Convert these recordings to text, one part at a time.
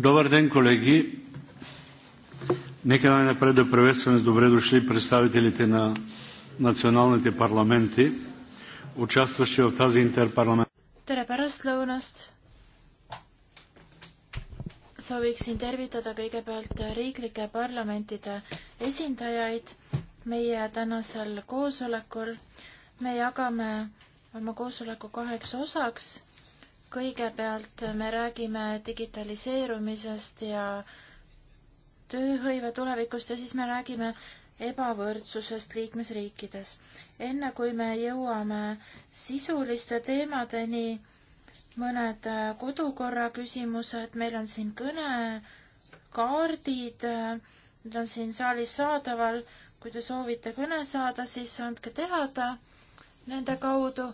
Добър ден, колеги! Нека най-напред да приветстваме с добре дошли представителите на националните парламенти, участващи в тази интерпарламент. tere pärastlõunast! sooviksin tervitada kõigepealt riiklike parlamentide esindajaid meie tänasel koosolekul. me jagame oma koosoleku kaheks osaks kõigepealt me räägime digitaliseerumisest ja tööhõive tulevikust ja siis me räägime ebavõrdsusest liikmesriikides. enne kui me jõuame sisuliste teemadeni, mõned kodukorra küsimused, meil on siin kõnekaardid, need on siin saalis saadaval, kui te soovite kõne saada, siis andke teada nende kaudu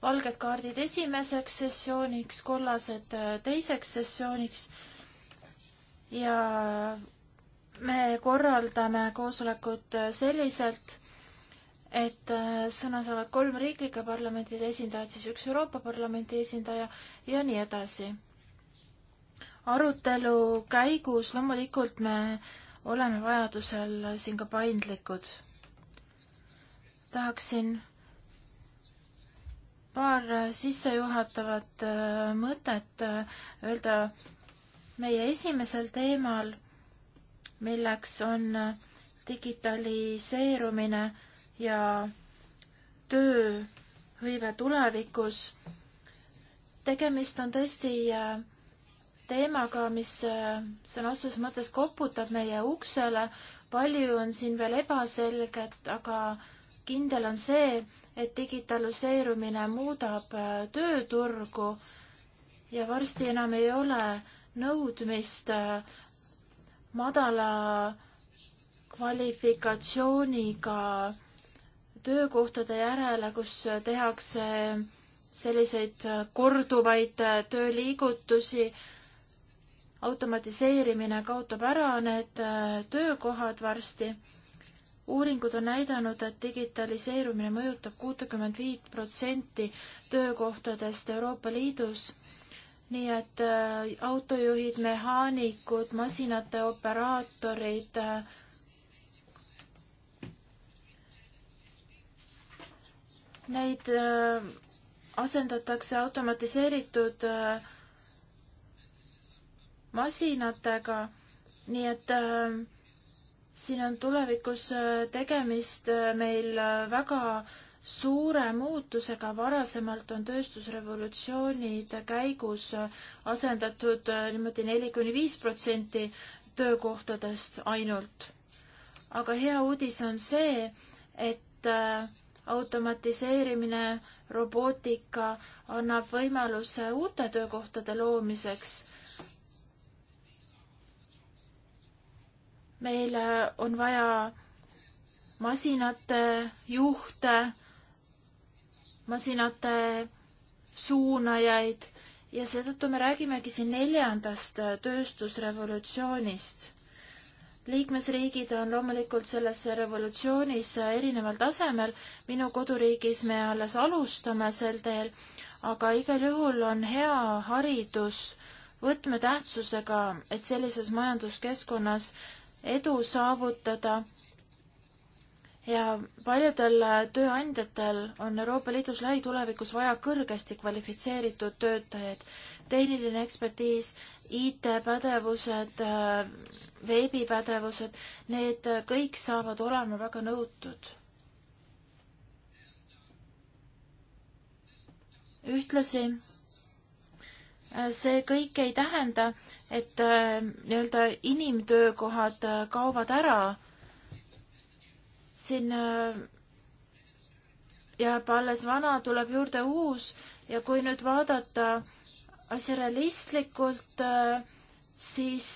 valged kaardid esimeseks sessiooniks, kollased äh, teiseks sessiooniks ja me korraldame koosolekut äh, selliselt, et äh, sõna saavad kolm riiklike parlamentide esindajat, siis üks Euroopa Parlamendi esindaja ja nii edasi. arutelu käigus loomulikult me oleme vajadusel siin ka paindlikud. tahaksin paar sissejuhatavat äh, mõtet äh, öelda meie esimesel teemal, milleks on äh, digitaliseerumine ja tööhõive tulevikus. tegemist on tõesti teemaga, mis sõna otseses mõttes koputab meie uksele. palju on siin veel ebaselget, aga kindel on see, et digitaliseerumine muudab äh, tööturgu ja varsti enam ei ole nõudmist äh, madala kvalifikatsiooniga töökohtade järele, kus tehakse selliseid äh, korduvaid tööliigutusi. automatiseerimine kaotab ära need töökohad varsti uuringud on näidanud, et digitaliseerumine mõjutab kuutekümmet viit protsenti töökohtadest Euroopa Liidus, nii et äh, autojuhid, mehaanikud, masinate operaatorid, äh, neid äh, asendatakse automatiseeritud masinatega, nii et äh, siin on tulevikus äh, tegemist äh, meil äh, väga suure muutusega, varasemalt on tööstusrevolutsioonid käigus asendatud niimoodi neli kuni viis protsenti töökohtadest ainult. aga hea uudis on see, et automatiseerimine, robootika annab võimaluse uute töökohtade loomiseks meil äh, on vaja masinate juhte, masinate suunajaid ja seetõttu me räägimegi siin neljandast äh, tööstusrevolutsioonist. liikmesriigid on loomulikult selles revolutsioonis äh, erineval tasemel, minu koduriigis me alles alustame sel teel, aga igal juhul on hea haridus võtmetähtsusega, et sellises majanduskeskkonnas edu saavutada ja paljudel tööandjatel on Euroopa Liidus lähitulevikus vaja kõrgesti kvalifitseeritud töötajaid. tehniline ekspertiis, IT-pädevused, äh, veebipädevused, need kõik saavad olema väga nõutud. ühtlasi see kõik ei tähenda, et äh, nii-öelda inimtöökohad äh, kaovad ära. siin äh, jääb alles vana, tuleb juurde uus ja kui nüüd vaadata asja realistlikult, siis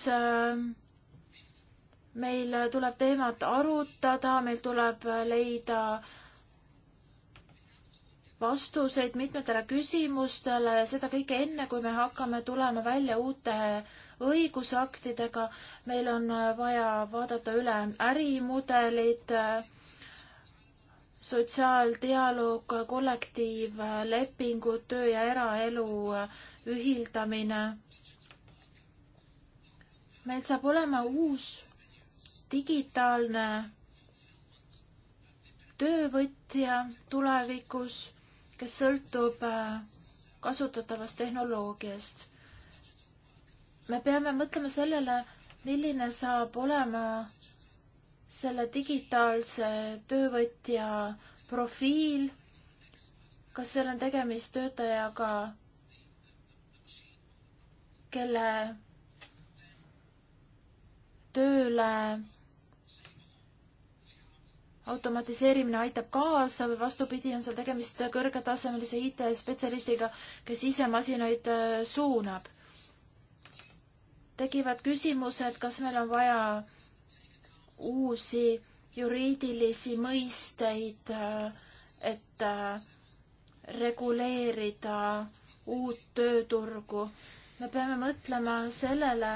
meil tuleb teemat arutada, meil tuleb leida äh, vastuseid mitmetele küsimustele ja seda kõike enne, kui me hakkame tulema välja uute õigusaktidega. meil on vaja vaadata üle ärimudelid, sotsiaaldialoog, kollektiivlepingud, töö ja eraelu ühildamine. meil saab olema uus digitaalne töövõtja tulevikus kes sõltub äh, kasutatavast tehnoloogiast. me peame mõtlema sellele, milline saab olema selle digitaalse töövõtja profiil, kas seal on tegemist töötajaga, kelle tööle automatiseerimine aitab kaasa või vastupidi, on seal tegemist kõrgetasemelise IT-spetsialistiga, kes ise masinaid äh, suunab. tekivad küsimused, kas meil on vaja uusi juriidilisi mõisteid, äh, et äh, reguleerida uut tööturgu. me peame mõtlema sellele,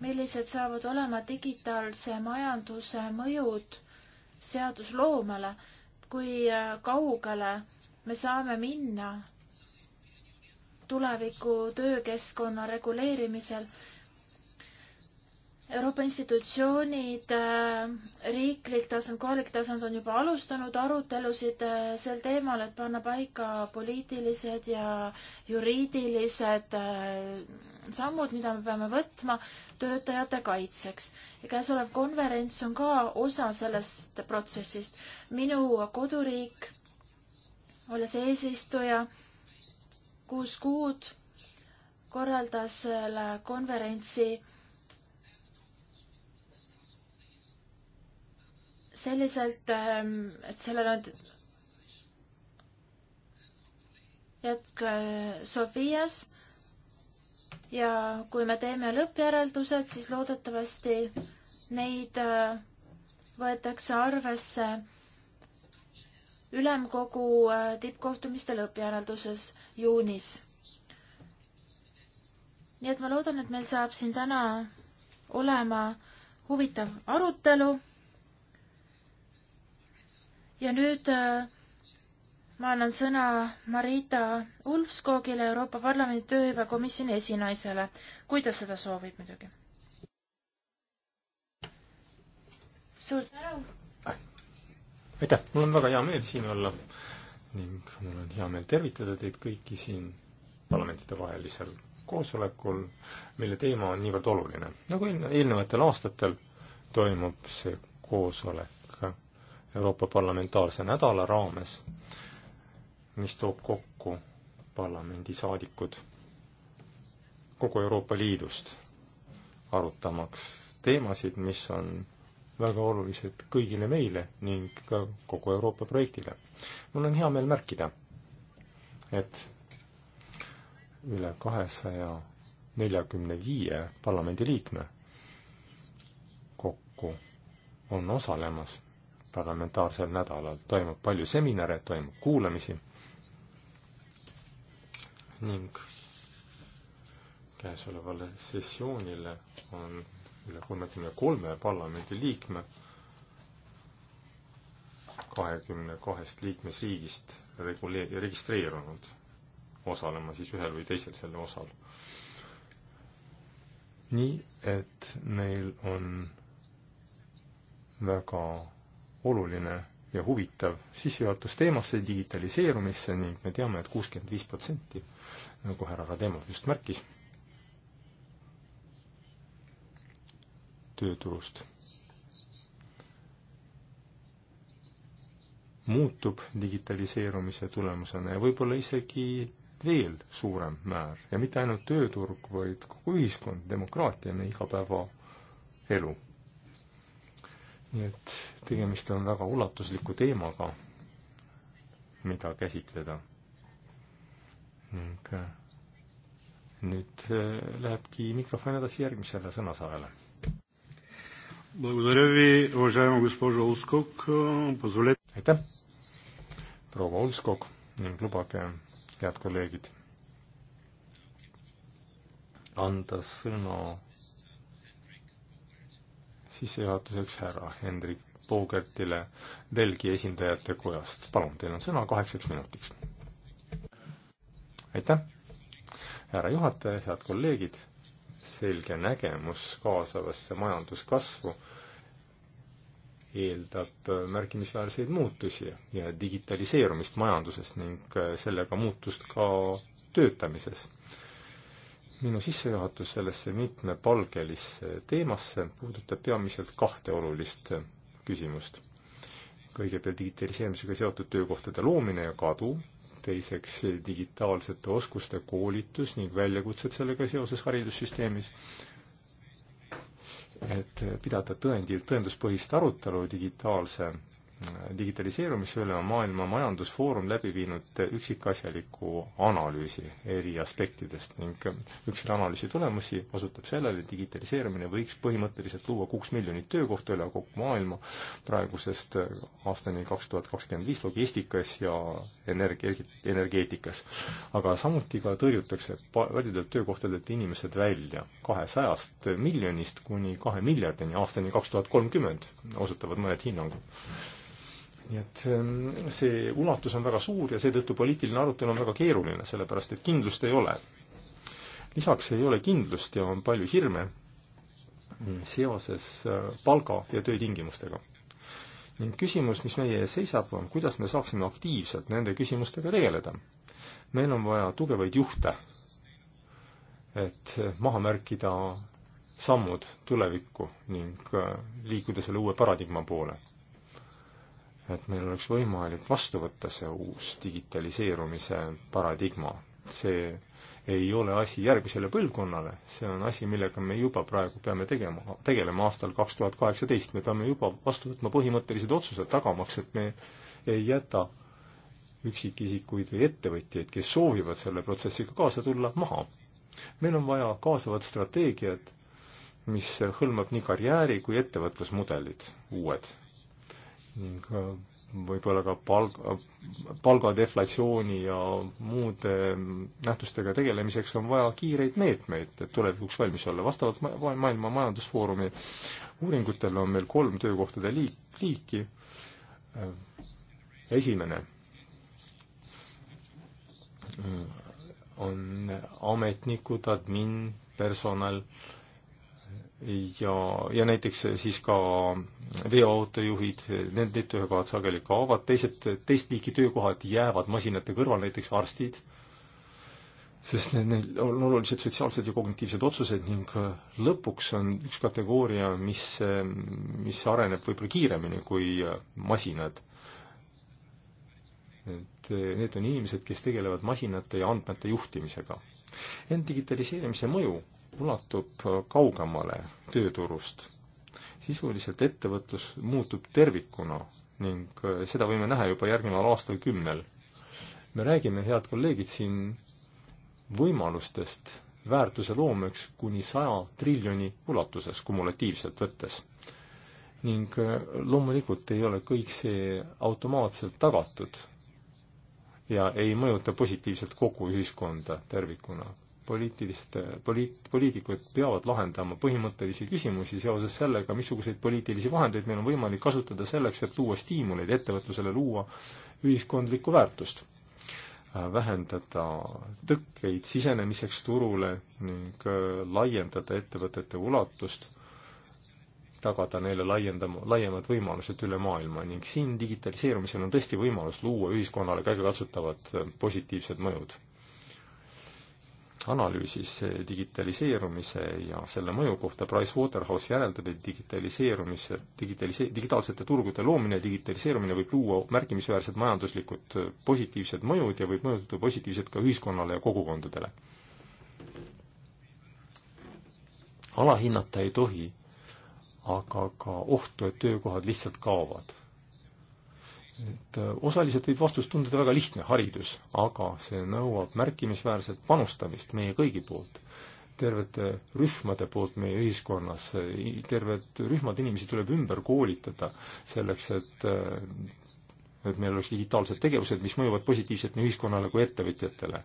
millised saavad olema digitaalse majanduse mõjud seadusloomele, kui äh, kaugele me saame minna tuleviku töökeskkonna reguleerimisel, Euroopa institutsioonid, äh, riiklik tasand, kohalik tasand on juba alustanud arutelusid äh, sel teemal, et panna paika poliitilised ja juriidilised äh, sammud, mida me peame võtma töötajate kaitseks. ja käesolev konverents on ka osa sellest protsessist. minu koduriik, olles eesistuja, kuus kuud korraldas selle konverentsi selliselt, ähm, et sellel on jätk äh, Sofias ja kui me teeme lõppjäreldused, siis loodetavasti neid äh, võetakse arvesse ülemkogu äh, tippkohtumiste lõppjärelduses juunis. nii et ma loodan, et meil saab siin täna olema huvitav arutelu ja nüüd äh, ma annan sõna Marita Ulfskogile, Euroopa Parlamendi tööhüvekomisjoni esinaisele, kui ta seda soovib muidugi. suur tänu! aitäh, mul on väga hea meel siin olla ning mul on hea meel tervitada teid kõiki siin parlamentidevahelisel koosolekul, mille teema on niivõrd oluline. nagu eelnevatel aastatel toimub see koosolek Euroopa Parlamentaarse Nädala raames, mis toob kokku parlamendisaadikud kogu Euroopa Liidust, arutamaks teemasid, mis on väga olulised kõigile meile ning ka kogu Euroopa projektile. mul on hea meel märkida, et üle kahesaja neljakümne viie parlamendiliikme kokku on osalemas parlamentaarsel nädalal. toimub palju seminare, toimub kuulamisi ning käesolevale sessioonile on üle kolmekümne kolme parlamendiliikme kahekümne kahest liikmesriigist regulee-, registreerunud osalema siis ühel või teisel selle osal. nii et meil on väga oluline ja huvitav sissejuhatus teemasse, digitaliseerumisse ning me teame et, et kuuskümmend viis protsenti, nagu härra Rademov just märkis, tööturust muutub digitaliseerumise tulemusena ja võib-olla isegi veel suurem määr ja mitte ainult tööturg, vaid kogu ühiskond, demokraatia, meie igapäevaelu nii et tegemist on väga ulatusliku teemaga, mida käsitleda. ning äh, nüüd äh, lähebki mikrofon edasi järgmisele sõnasaajale. aitäh, proua Ulskog ning lubage, head kolleegid, anda sõna sissejuhatuseks härra Hendrik Bogertile Belgia esindajate kojast. palun, teil on sõna kaheksaks minutiks. aitäh, härra juhataja, head kolleegid, selge nägemus kaasavasse majanduskasvu eeldab märkimisväärseid muutusi ja digitaliseerumist majanduses ning sellega muutust ka töötamises minu sissejuhatus sellesse mitmepalgelisse teemasse puudutab peamiselt kahte olulist küsimust. kõigepealt digitaliseerimisega seotud töökohtade loomine ja kadu, teiseks digitaalsete oskuste koolitus ning väljakutsed sellega seoses haridussüsteemis, et pidada tõendil, tõenduspõhist arutelu digitaalse digitaliseerumise üle on Maailma Majandusfoorum läbi viinud üksikasjaliku analüüsi eri aspektidest ning üks selle analüüsi tulemusi osutab sellele, et digitaliseerimine võiks põhimõtteliselt luua kuus miljonit töökohta üle kogu maailma praegusest aastani kaks tuhat kakskümmend viis logistikas ja energe-, energeetikas. aga samuti ka tõrjutakse paljudelt töökohtadelt inimesed välja kahesajast miljonist kuni kahe miljardini aastani kaks tuhat kolmkümmend, osutavad mõned hinnangud nii et ähm, see ulatus on väga suur ja seetõttu poliitiline arutelu on väga keeruline, sellepärast et kindlust ei ole. lisaks ei ole kindlust ja on palju hirme seoses äh, palga ja töötingimustega. ning küsimus, mis meie ees seisab, on, kuidas me saaksime aktiivselt nende küsimustega tegeleda. meil on vaja tugevaid juhte, et äh, maha märkida sammud tulevikku ning äh, liikuda selle uue paradigma poole et meil oleks võimalik vastu võtta see uus digitaliseerumise paradigma. see ei ole asi järgmisele põlvkonnale, see on asi, millega me juba praegu peame tegema, tegelema aastal kaks tuhat kaheksateist, me peame juba vastu võtma põhimõttelised otsused, tagamaks, et me ei jäta üksikisikuid või ettevõtjaid, kes soovivad selle protsessiga kaasa tulla, maha. meil on vaja kaasavat strateegiat, mis hõlmab nii karjääri kui ettevõtlusmudelid, uued ning äh, võib-olla ka palga, äh, palgadeflatsiooni ja muude nähtustega tegelemiseks on vaja kiireid meetmeid, et tulevikuks valmis olla. vastavalt Maailma Majandusfoorumi uuringutele on meil kolm töökohtade liik, liiki. Äh, esimene on ametnikud, admin, personal ja, ja näiteks eh, siis ka eh, veoautojuhid, eh, need, need töökohad sageli kaovad, teised, teist liiki töökohad jäävad masinate kõrval, näiteks arstid, sest neil, neil on olulised sotsiaalsed ja kognitiivsed otsused ning lõpuks on üks kategooria, mis, mis areneb võib-olla kiiremini kui masinad. et need on inimesed, kes tegelevad masinate ja andmete juhtimisega. ent digitaliseerimise mõju ulatub äh, kaugemale tööturust. sisuliselt ettevõtlus muutub tervikuna ning äh, seda võime näha juba järgneval aastakümnel. me räägime, head kolleegid, siin võimalustest väärtuse loomeks kuni saja triljoni ulatuses kumulatiivselt võttes. ning äh, loomulikult ei ole kõik see automaatselt tagatud ja ei mõjuta positiivselt kogu ühiskonda tervikuna poliitiliste, poliit-, poliitikud peavad lahendama põhimõttelisi küsimusi seoses sellega, missuguseid poliitilisi vahendeid meil on võimalik kasutada selleks, et luua stiimuleid ettevõtlusele, luua ühiskondlikku väärtust, äh, vähendada tõkkeid sisenemiseks turule ning äh, laiendada ettevõtete ulatust, tagada neile laiendama, laiemad võimalused üle maailma ning siin digitaliseerumisel on tõesti võimalus luua ühiskonnale käegakatsutavad äh, positiivsed mõjud analüüsis digitaliseerumise ja selle mõju kohta Pricewaterhouse järeldab, et digitaliseerumise, digitalise-, digitaalsete turgude loomine ja digitaliseerumine võib luua märkimisväärsed majanduslikud äh, positiivsed mõjud ja võib mõjutada positiivselt ka ühiskonnale ja kogukondadele. alahinnata ei tohi aga ka ohtu, et töökohad lihtsalt kaovad et äh, osaliselt võib vastus tunduda väga lihtne, haridus, aga see nõuab märkimisväärset panustamist meie kõigi poolt, tervete rühmade poolt meie ühiskonnas, äh, terved rühmad inimesi tuleb ümber koolitada selleks, et äh, et meil oleks digitaalsed tegevused, mis mõjuvad positiivselt nii ühiskonnale kui ettevõtjatele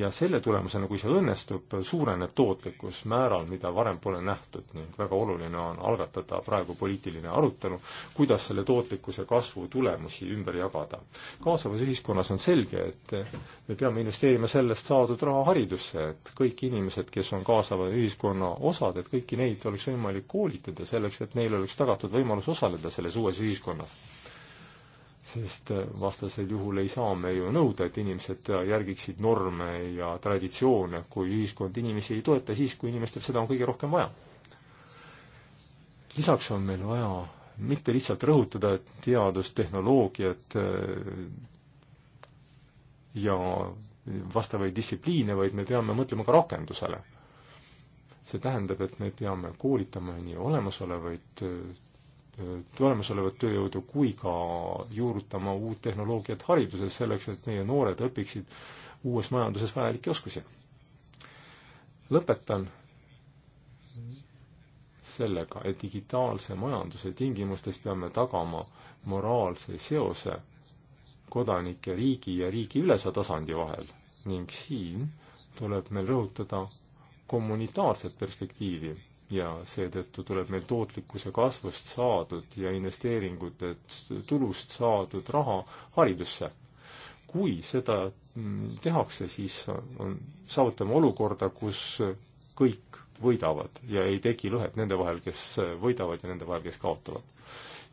ja selle tulemusena, kui see õnnestub, suureneb tootlikkus määral, mida varem pole nähtud ning väga oluline on algatada praegu poliitiline arutelu, kuidas selle tootlikkuse kasvu tulemusi ümber jagada. kaasavas ühiskonnas on selge, et me peame investeerima sellest saadud raha haridusse, et kõik inimesed, kes on kaasava ühiskonna osad, et kõiki neid oleks võimalik koolitada selleks, et neil oleks tagatud võimalus osaleda selles uues ühiskonnas sest äh, vastasel juhul ei saa me ju nõuda, et inimesed äh, järgiksid norme ja traditsioone, kui ühiskond inimesi ei toeta siis, kui inimestel seda on kõige rohkem vaja. lisaks on meil vaja mitte lihtsalt rõhutada teadust, tehnoloogiat äh, ja vastavaid distsipliine, vaid me peame mõtlema ka rakendusele. see tähendab, et me peame koolitama nii olemasolevaid olemasolevat tööjõudu kui ka juurutama uut tehnoloogiat hariduses, selleks et meie noored õpiksid uues majanduses vajalikke oskusi. lõpetan sellega, et digitaalse majanduse tingimustes peame tagama moraalse seose kodanike riigi ja riigi ülese tasandi vahel ning siin tuleb meil rõhutada kommunitaarset perspektiivi ja seetõttu tuleb meil tootlikkuse kasvust saadud ja investeeringute tulust saadud raha haridusse. kui seda mm, tehakse, siis on, saavutame olukorda, kus kõik võidavad ja ei teki lõhet nende vahel, kes võidavad ja nende vahel, kes kaotavad.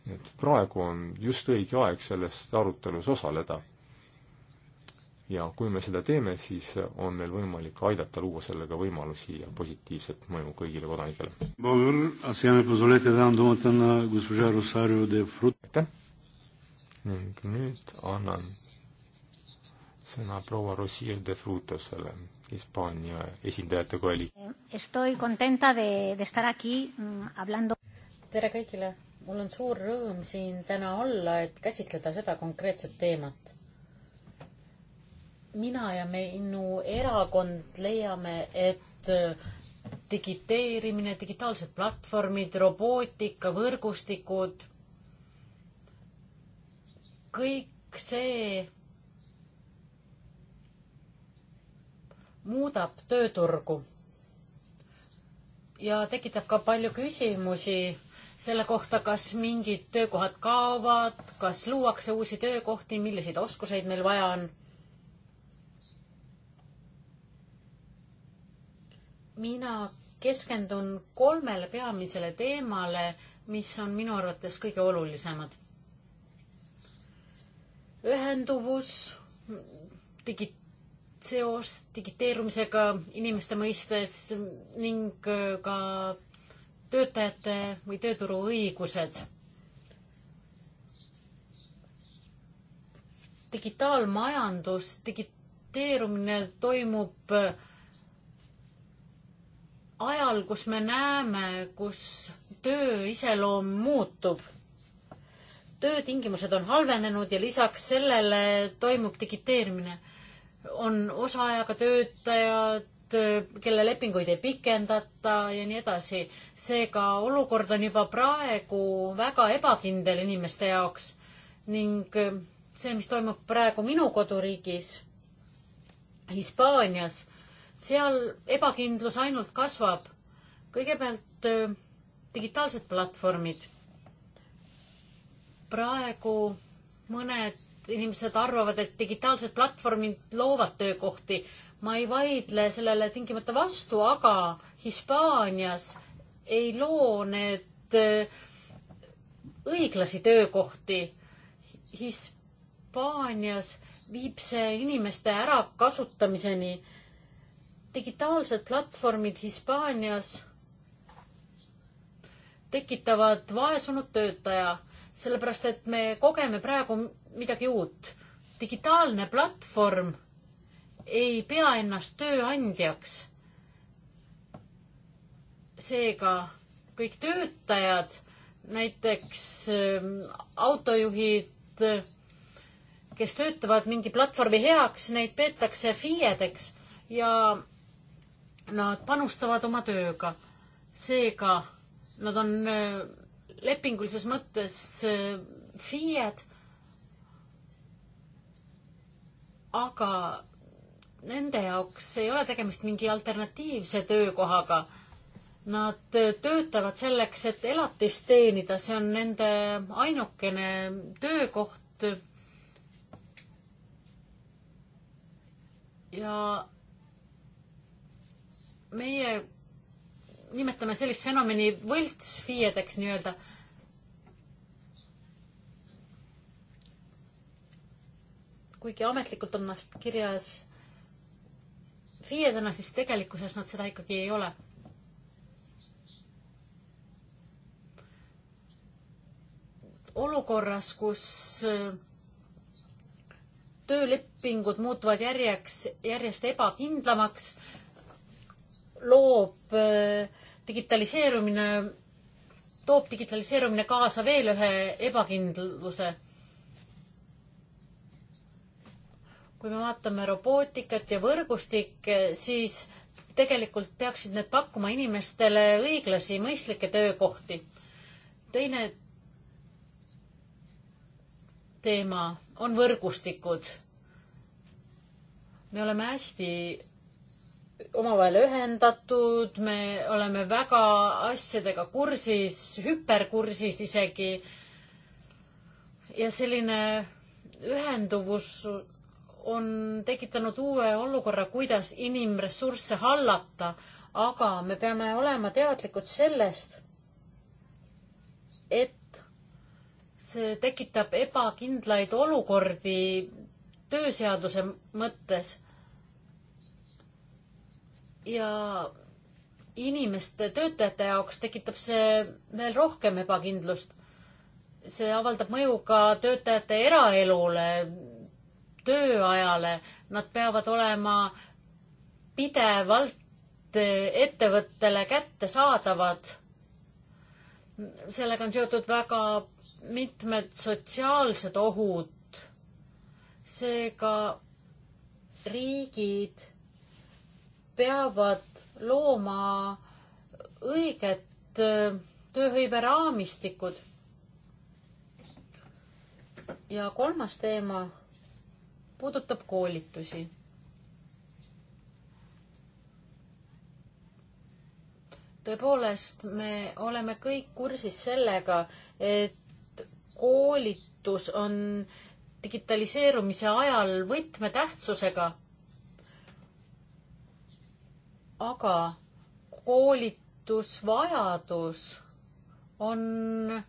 nii et praegu on just õige aeg selles arutelus osaleda ja kui me seda teeme, siis on meil võimalik aidata luua sellega võimalusi ja positiivset mõju kõigile kodanikele. aitäh ning nüüd annan sõna proua Rocio de Frutosele, Hispaania esindajate kooli. Mm, tere kõigile, mul on suur rõõm siin täna olla, et käsitleda seda konkreetset teemat mina ja minu erakond leiame, et äh, digiteerimine, digitaalsed platvormid, robootika, võrgustikud, kõik see muudab tööturgu ja tekitab ka palju küsimusi selle kohta, kas mingid töökohad kaovad, kas luuakse uusi töökohti, milliseid oskuseid meil vaja on mina keskendun kolmele peamisele teemale, mis on minu arvates kõige olulisemad. ühenduvus, digi-, seos digiteerumisega inimeste mõistes ning äh, ka töötajate või tööturu õigused. digitaalmajandus, digiteerumine toimub äh, ajal, kus me näeme, kus töö iseloom muutub, töötingimused on halvenenud ja lisaks sellele toimub digiteerimine. on osaajaga töötajad, kelle lepinguid ei pikendata ja nii edasi. seega olukord on juba praegu väga ebakindel inimeste jaoks ning see, mis toimub praegu minu koduriigis, Hispaanias seal ebakindlus ainult kasvab. kõigepealt digitaalsed platvormid. praegu mõned inimesed arvavad, et digitaalsed platvormid loovad töökohti. ma ei vaidle sellele tingimata vastu, aga Hispaanias ei loo need õiglasi töökohti. Hispaanias viib see inimeste ärakasutamiseni digitaalsed platvormid Hispaanias tekitavad vaesunud töötaja, sellepärast et me kogeme praegu midagi uut. digitaalne platvorm ei pea ennast tööandjaks. seega kõik töötajad, näiteks ähm, autojuhid, äh, kes töötavad mingi platvormi heaks, neid peetakse FIE-deks ja Nad panustavad oma tööga, seega nad on äh, lepingulises mõttes äh, FIE-d, aga nende jaoks ei ole tegemist mingi alternatiivse töökohaga. Nad äh, töötavad selleks, et elatist teenida, see on nende ainukene töökoht. ja meie nimetame sellist fenomeni võltsfiiedeks nii-öelda. kuigi ametlikult on nad kirjas FIE-dena, siis tegelikkuses nad seda ikkagi ei ole. olukorras, kus äh, töölepingud muutuvad järjeks, järjest ebakindlamaks, loob äh, digitaliseerumine, toob digitaliseerumine kaasa veel ühe ebakindluse. kui me vaatame robootikat ja võrgustikke, siis tegelikult peaksid need pakkuma inimestele õiglasi, mõistlikke töökohti. teine teema on võrgustikud. me oleme hästi omavahel ühendatud, me oleme väga asjadega kursis, hüperkursis isegi. ja selline ühenduvus on tekitanud uue olukorra, kuidas inimressursse hallata, aga me peame olema teadlikud sellest, et see tekitab ebakindlaid olukordi tööseaduse mõttes ja inimeste, töötajate jaoks tekitab see veel rohkem ebakindlust. see avaldab mõju ka töötajate eraelule, tööajale, nad peavad olema pidevalt ettevõttele kättesaadavad. sellega on seotud väga mitmed sotsiaalsed ohud. seega riigid peavad looma õiget äh, tööhõiveraamistikud. ja kolmas teema puudutab koolitusi. tõepoolest, me oleme kõik kursis sellega, et koolitus on digitaliseerumise ajal võtmetähtsusega aga koolitusvajadus on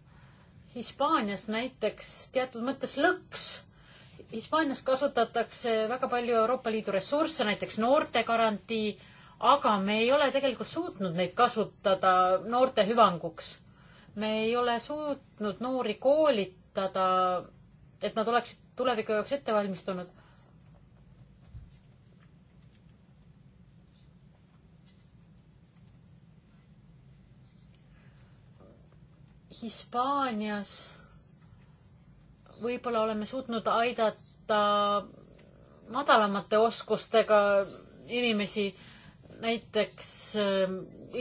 Hispaanias näiteks teatud mõttes lõks. Hispaanias kasutatakse väga palju Euroopa Liidu ressursse, näiteks noortegarantii, aga me ei ole tegelikult suutnud neid kasutada noorte hüvanguks. me ei ole suutnud noori koolitada, et nad oleksid tuleviku jaoks ette valmistunud Hispaanias võib-olla oleme suutnud aidata madalamate oskustega inimesi, näiteks äh,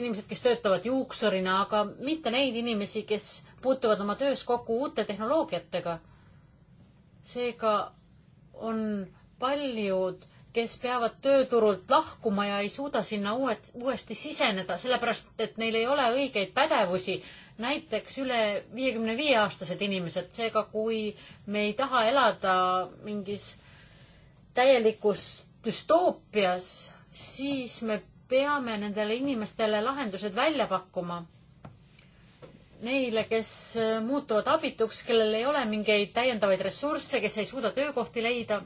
inimesed, kes töötavad juuksurina, aga mitte neid inimesi, kes puutuvad oma töös kokku uute tehnoloogiatega. seega on paljud, kes peavad tööturult lahkuma ja ei suuda sinna uued, uuesti siseneda, sellepärast et neil ei ole õigeid pädevusi näiteks üle viiekümne viie aastased inimesed, seega kui me ei taha elada mingis täielikus düstoopias, siis me peame nendele inimestele lahendused välja pakkuma. Neile, kes muutuvad abituks, kellel ei ole mingeid täiendavaid ressursse, kes ei suuda töökohti leida,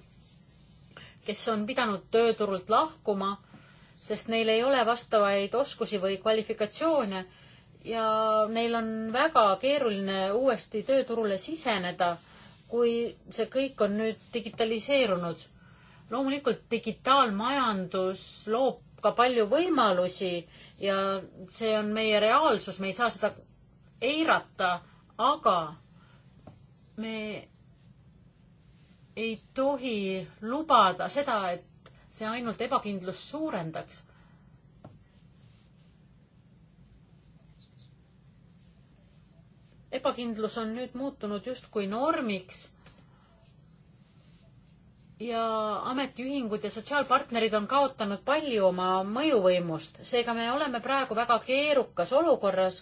kes on pidanud tööturult lahkuma, sest neil ei ole vastavaid oskusi või kvalifikatsioone ja neil on väga keeruline uuesti tööturule siseneda, kui see kõik on nüüd digitaliseerunud. loomulikult digitaalmajandus loob ka palju võimalusi ja see on meie reaalsus, me ei saa seda eirata, aga me ei tohi lubada seda, et see ainult ebakindlust suurendaks ebakindlus on nüüd muutunud justkui normiks ja ametiühingud ja sotsiaalpartnerid on kaotanud palju oma mõjuvõimust, seega me oleme praegu väga keerukas olukorras,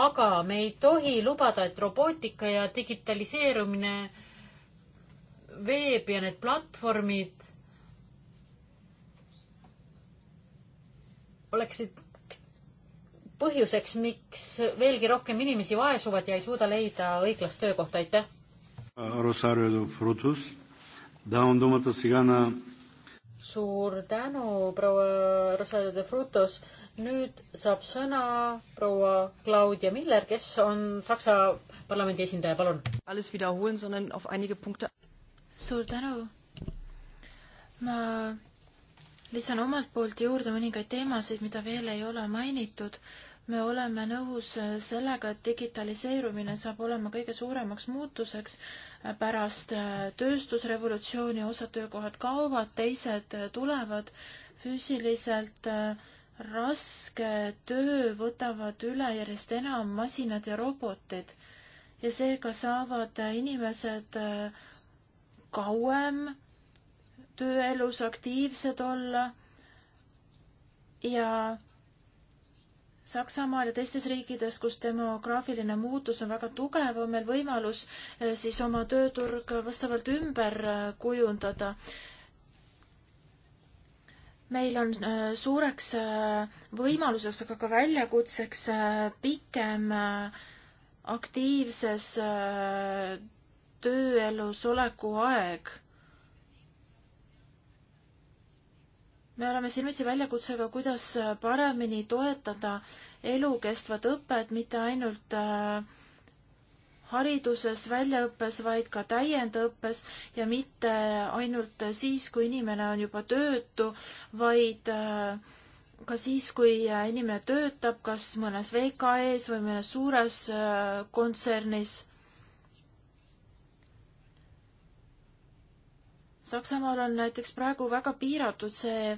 aga me ei tohi lubada, et robootika ja digitaliseerumine, veeb ja need platvormid oleksid põhjuseks, miks veelgi rohkem inimesi vaesuvad ja ei suuda leida õiglast töökohta, aitäh. suur tänu, proua Rosario de Frutos. nüüd saab sõna proua Claudia Miller, kes on Saksa parlamendi esindaja, palun. suur tänu. ma lisan omalt poolt juurde mõningaid teemasid, mida veel ei ole mainitud me oleme nõus äh, sellega, et digitaliseerumine saab olema kõige suuremaks muutuseks äh, pärast äh, tööstusrevolutsiooni, osad töökohad kaovad, teised tulevad füüsiliselt raske töö võtavad üle järjest enam masinad ja robotid ja seega saavad inimesed kauem tööelus aktiivsed olla ja Saksamaal ja teistes riikides, kus demograafiline muutus on väga tugev, on meil võimalus eh, siis oma tööturg vastavalt ümber eh, kujundada. meil on eh, suureks võimaluseks, aga ka väljakutseks pikem aktiivses tööelus oleku aeg me oleme silmitsi väljakutsega, kuidas paremini toetada elukestvat õpet, mitte ainult äh, hariduses, väljaõppes, vaid ka täiendõppes ja mitte ainult siis, kui inimene on juba töötu, vaid äh, ka siis, kui inimene töötab kas mõnes VKE-s või mõnes suures äh, kontsernis. Saksamaal on näiteks praegu väga piiratud see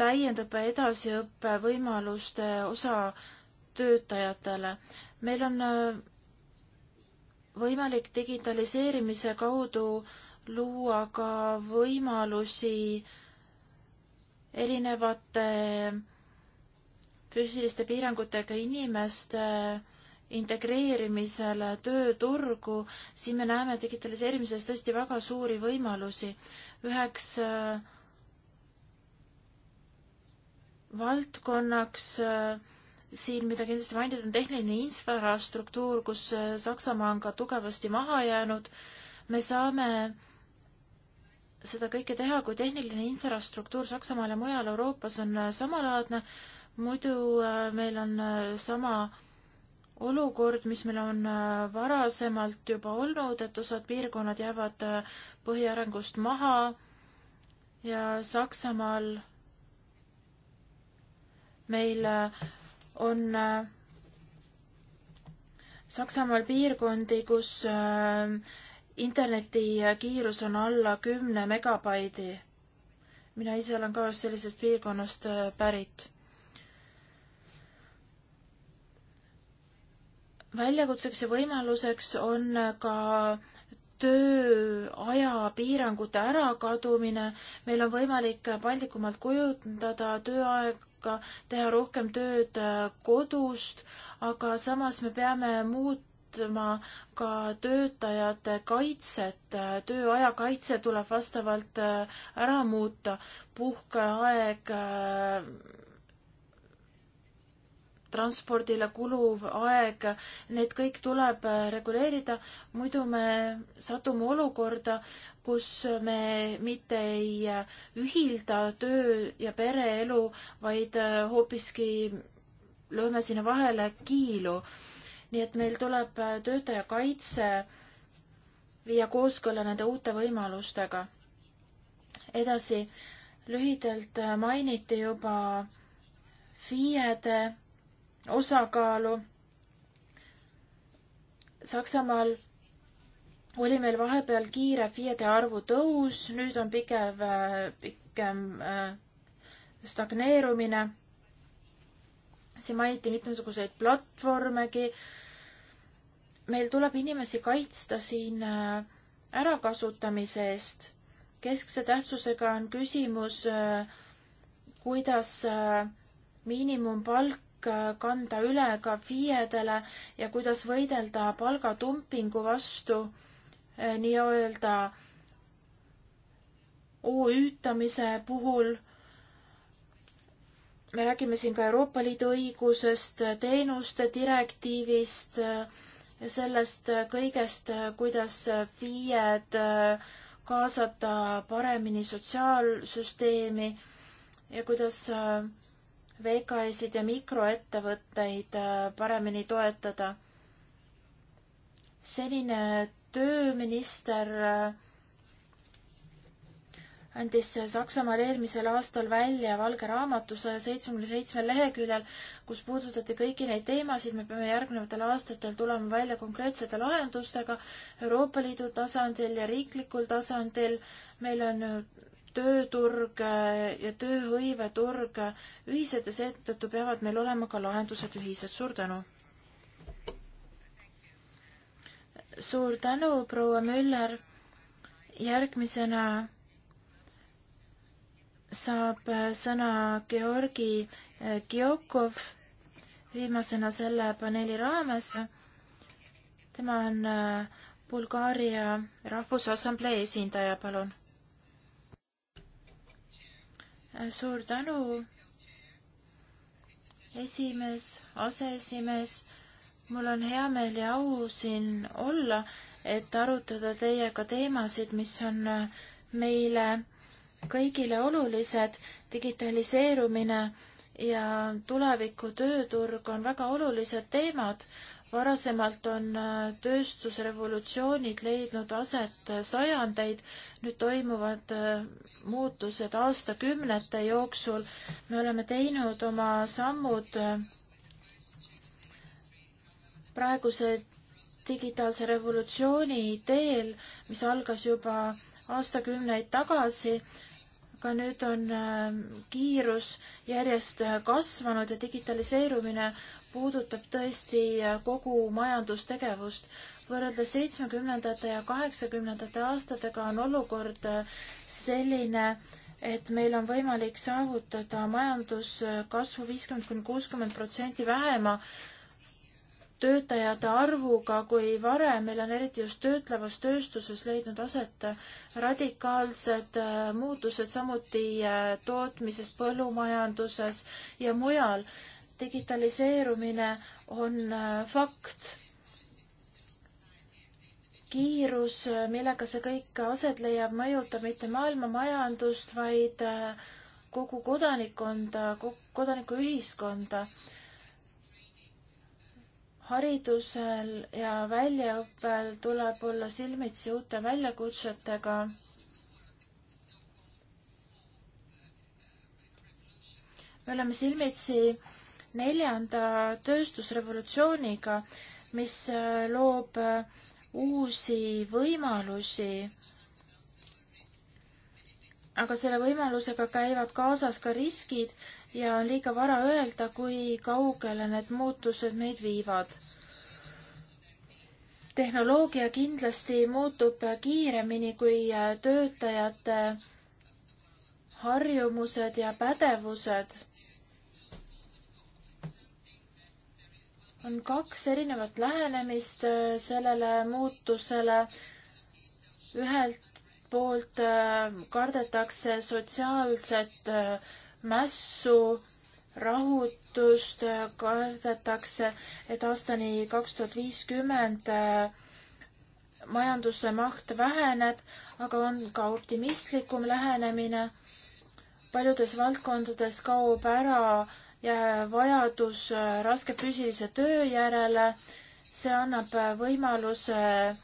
täiendõppe edasiõppe võimaluste osa töötajatele. meil on äh, võimalik digitaliseerimise kaudu luua ka võimalusi erinevate füüsiliste piirangutega inimeste äh, integreerimisele tööturgu, siin me näeme digitaliseerimises tõesti väga suuri võimalusi. üheks äh, valdkonnaks äh, siin, mida kindlasti mainida, on tehniline infrastruktuur, kus äh, Saksamaa on ka tugevasti maha jäänud. me saame seda kõike teha, kui tehniline infrastruktuur Saksamaal ja mujal Euroopas on samalaadne, muidu meil on sama äh, olukord, mis meil on äh, varasemalt juba olnud, et osad piirkonnad jäävad äh, põhiarengust maha ja Saksamaal meil äh, on Saksamaal piirkondi, kus interneti kiirus on alla kümne megabaidi. mina ise olen ka sellisest piirkonnast pärit väljakutseks ja võimaluseks on ka tööaja piirangute ärakadumine, meil on võimalik paindlikumalt kujundada tööaega, teha rohkem tööd kodust, aga samas me peame muutma ka töötajate kaitset, tööaja kaitse tuleb vastavalt ära muuta, puhkeaeg transpordile kuluv aeg, need kõik tuleb äh, reguleerida, muidu me satume olukorda, kus me mitte ei äh, ühilda töö- ja pereelu, vaid äh, hoopiski lööme sinna vahele kiilu. nii et meil tuleb töötaja kaitse viia kooskõlla nende uute võimalustega. edasi, lühidalt mainiti juba FIE-de osakaalu. Saksamaal oli meil vahepeal kiire FIE-de arvu tõus, nüüd on pigem, pikem äh, stagneerumine. siin mainiti mitmesuguseid platvormegi. meil tuleb inimesi kaitsta siin äh, ärakasutamise eest. keskse tähtsusega on küsimus, äh, kuidas miinimumpalk Äh, kanda üle ka FIE-dele ja kuidas võidelda palgatumpingu vastu äh, nii-öelda OÜ-tamise puhul. me räägime siin ka Euroopa Liidu õigusest, teenuste direktiivist äh, ja sellest kõigest, kuidas FIE-d kaasata paremini sotsiaalsüsteemi ja kuidas äh, VKS-id ja mikroettevõtteid äh, paremini toetada. senine tööminister äh, andis Saksamaal eelmisel aastal välja valge raamatu saja seitsmekümne seitsmel leheküljel, kus puudutati kõiki neid teemasid, me peame järgnevatel aastatel tulema välja konkreetsete lahendustega Euroopa Liidu tasandil ja riiklikul tasandil. meil on nüüd tööturg äh, ja tööhõiveturg ühised ja seetõttu peavad meil olema ka lahendused ühised. suur tänu! suur tänu, proua Müller! järgmisena saab äh, sõna Georgi Giokov äh, viimasena selle paneeli raames. tema on Bulgaaria Rahvusassamblee esindaja, palun suur tänu, esimees, aseesimees. mul on hea meel ja au siin olla, et arutada teiega teemasid, mis on meile kõigile olulised. digitaliseerumine ja tuleviku tööturg on väga olulised teemad, varasemalt on äh, tööstusrevolutsioonid leidnud aset äh, sajandeid, nüüd toimuvad äh, muutused aastakümnete jooksul. me oleme teinud oma sammud praeguse digitaalse revolutsiooni teel, mis algas juba aastakümneid tagasi aga nüüd on kiirus järjest kasvanud ja digitaliseerumine puudutab tõesti kogu majandustegevust. võrreldes seitsmekümnendate ja kaheksakümnendate aastatega on olukord selline, et meil on võimalik saavutada majanduskasvu viiskümmend kuni kuuskümmend protsenti vähema töötajate arvuga kui varem, meil on eriti just töötlevas tööstuses leidnud aset radikaalsed äh, muutused, samuti äh, tootmises, põllumajanduses ja mujal digitaliseerumine on äh, fakt. kiirus, äh, millega see kõik aset leiab, mõjutab mitte maailma majandust, vaid äh, kogu kodanikkonda, kodanikuühiskonda. haridusel ja väljaõppel tuleb olla silmitsi uute väljakutsetega me oleme silmitsi neljanda tööstusrevolutsiooniga, mis äh, loob äh, uusi võimalusi. aga selle võimalusega käivad kaasas ka riskid ja on liiga vara öelda, kui kaugele need muutused meid viivad. tehnoloogia kindlasti muutub kiiremini kui äh, töötajate harjumused ja pädevused on kaks erinevat lähenemist äh, sellele muutusele. ühelt poolt äh, kardetakse sotsiaalset äh, mässu, rahutust, kardetakse, et aastani kaks tuhat viiskümmend majanduse maht väheneb, aga on ka optimistlikum lähenemine. paljudes valdkondades kaob ära ja vajadus äh, raske füüsilise töö järele, see annab äh, võimaluse äh,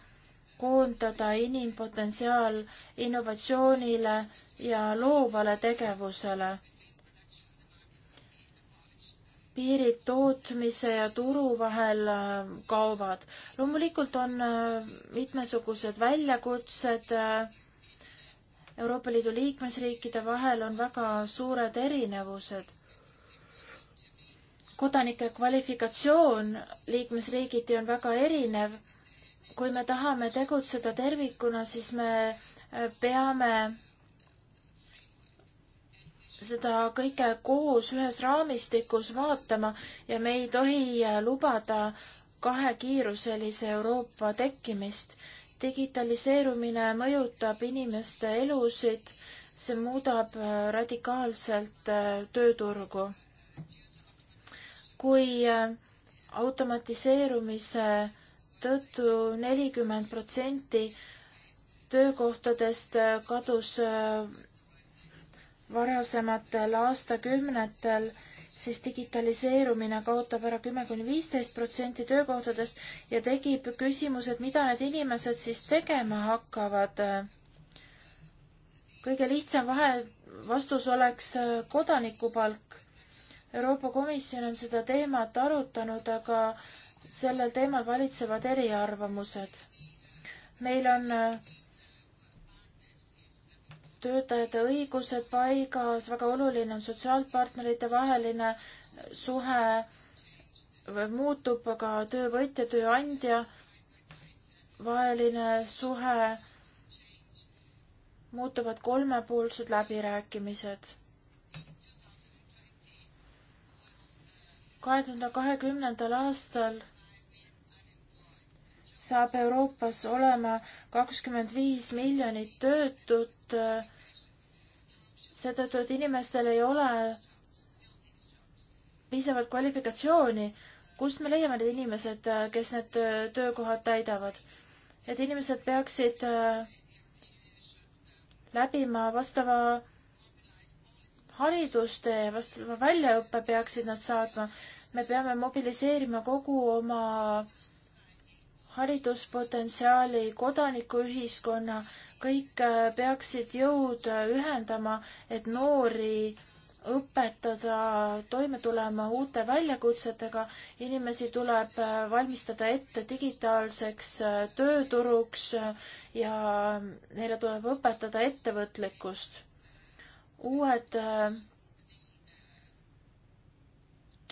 koondada inimpotentsiaal innovatsioonile ja loovale tegevusele. piirid tootmise ja turu vahel kaovad. loomulikult on mitmesugused väljakutsed Euroopa Liidu liikmesriikide vahel on väga suured erinevused kodanike kvalifikatsioon liikmesriigiti on väga erinev. kui me tahame tegutseda tervikuna, siis me äh, peame seda kõike koos ühes raamistikus vaatama ja me ei tohi äh, lubada kahekiiruselise Euroopa tekkimist. digitaliseerumine mõjutab inimeste elusid, see muudab äh, radikaalselt tööturgu kui äh, automatiseerumise tõttu nelikümmend protsenti töökohtadest äh, kadus äh, varasematel aastakümnetel, siis digitaliseerumine kaotab ära kümme kuni viisteist protsenti töökohtadest ja tekib küsimus, et mida need inimesed siis tegema hakkavad. kõige lihtsam vahe, vastus oleks kodanikupalk. Euroopa Komisjon on seda teemat arutanud, aga sellel teemal valitsevad eriarvamused. meil on äh, töötajate õigused paigas, väga oluline on sotsiaalpartnerite vaheline äh, suhe, äh, muutub aga töövõtja, tööandja vaheline suhe, muutuvad kolmepoolsed läbirääkimised kahe tuhande kahekümnendal aastal saab Euroopas olema kakskümmend viis miljonit töötut. seetõttu, et inimestel ei ole piisavalt kvalifikatsiooni, kust me leiame need inimesed, kes need töökohad täidavad. et inimesed peaksid läbima vastava haridustee, vastava väljaõppe peaksid nad saatma me peame mobiliseerima kogu oma hariduspotentsiaali, kodanikuühiskonna, kõik äh, peaksid jõud äh, ühendama, et noori õpetada toime tulema uute väljakutsetega, inimesi tuleb äh, valmistada ette digitaalseks tööturuks ja neile tuleb õpetada ettevõtlikkust. uued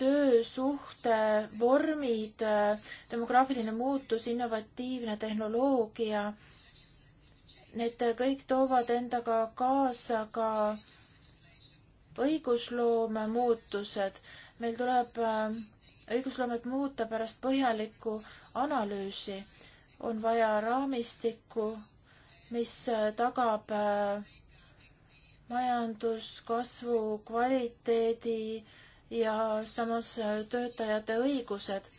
töösuhte vormid, demograafiline muutus, innovatiivne tehnoloogia, need kõik toovad endaga kaasa ka õigusloome muutused. meil tuleb äh, õigusloomet muuta pärast põhjalikku analüüsi. on vaja raamistikku, mis äh, tagab äh, majanduskasvu kvaliteedi, ja samas äh, töötajate õigused.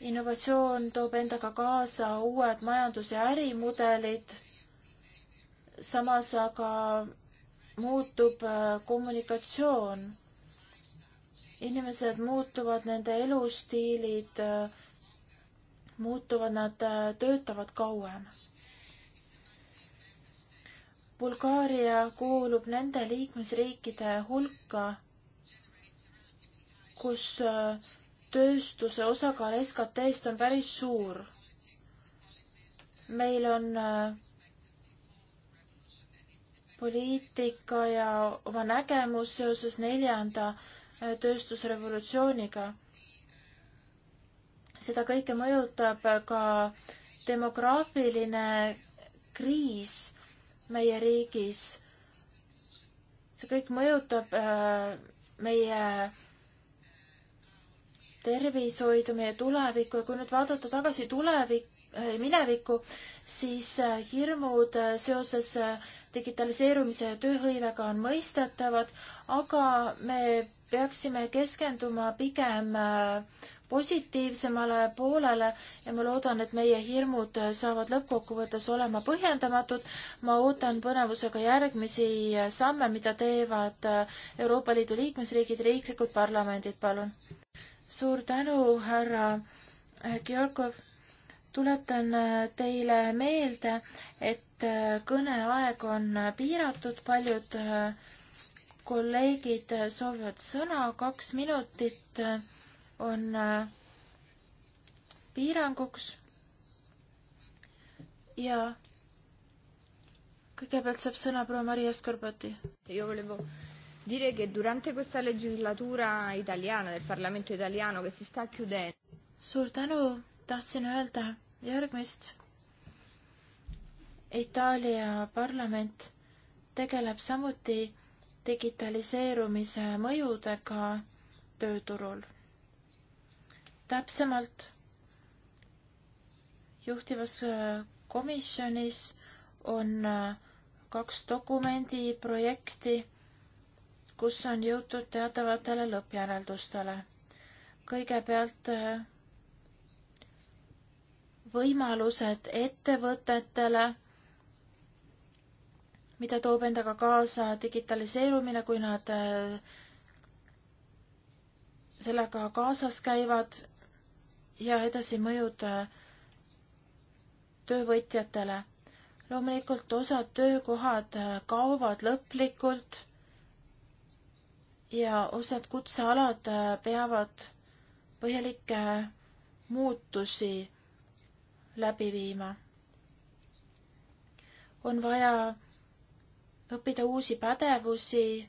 innovatsioon toob endaga kaasa uued majandus- ja ärimudelid, samas aga muutub äh, kommunikatsioon. inimesed muutuvad, nende elustiilid äh, muutuvad, nad töötavad kauem. Bulgaaria kuulub nende liikmesriikide hulka kus äh, tööstuse osakaal SKT-st on päris suur. meil on äh, poliitika ja oma nägemus seoses neljanda äh, tööstusrevolutsiooniga. seda kõike mõjutab ka demograafiline kriis meie riigis. see kõik mõjutab meie tervishoidu, meie tulevikku ja kui nüüd vaadata tagasi tulevik-, äh, minevikku, siis äh, hirmud äh, seoses digitaliseerumise ja tööhõivega on mõistetavad, aga me peaksime keskenduma pigem positiivsemale poolele ja ma loodan, et meie hirmud saavad lõppkokkuvõttes olema põhjendamatud. ma ootan põnevusega järgmisi samme, mida teevad Euroopa Liidu liikmesriigid, riiklikud parlamendid, palun suur tänu, härra äh, Georgov. tuletan äh, teile meelde, et äh, kõneaeg on piiratud, paljud kolleegid soovivad sõna, kaks minutit on piiranguks. ja kõigepealt saab sõna proua Maria Skorbati dire che durante questa legislatura italiana, del Parlamento italiano, che si sta chiudendo. suur tänu, tahtsin öelda järgmist. Itaalia parlament tegeleb samuti digitaliseerumise mõjudega tööturul. täpsemalt juhtivas äh, komisjonis on äh, kaks dokumendi projekti kus on jõutud teatavatele lõppjäreldustele. kõigepealt äh, võimalused ettevõtetele, mida toob endaga kaasa digitaliseerumine, kui nad äh, sellega kaasas käivad ja edasi mõjud äh, töövõtjatele. loomulikult osad töökohad kaovad lõplikult ja osad kutsealad äh, peavad põhjalikke muutusi läbi viima. on vaja õppida uusi pädevusi,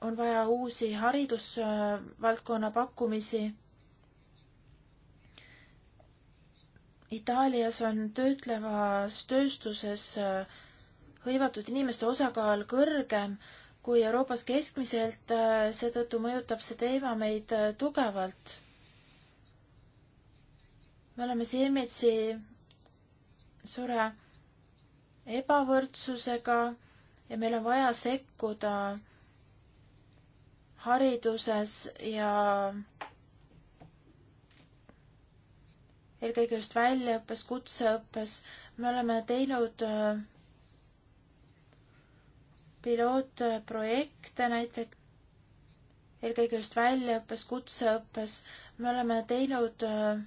on vaja uusi haridusvaldkonna pakkumisi. Itaalias on töötlevas tööstuses äh, hõivatud inimeste osakaal kõrgem kui Euroopas keskmiselt, äh, seetõttu mõjutab see teema meid äh, tugevalt. me oleme silmitsi suure ebavõrdsusega ja meil on vaja sekkuda hariduses ja eelkõige just väljaõppes, kutseõppes. me oleme teinud äh, pilootprojekte näiteks, eelkõige just väljaõppes, kutseõppes, me oleme teinud äh,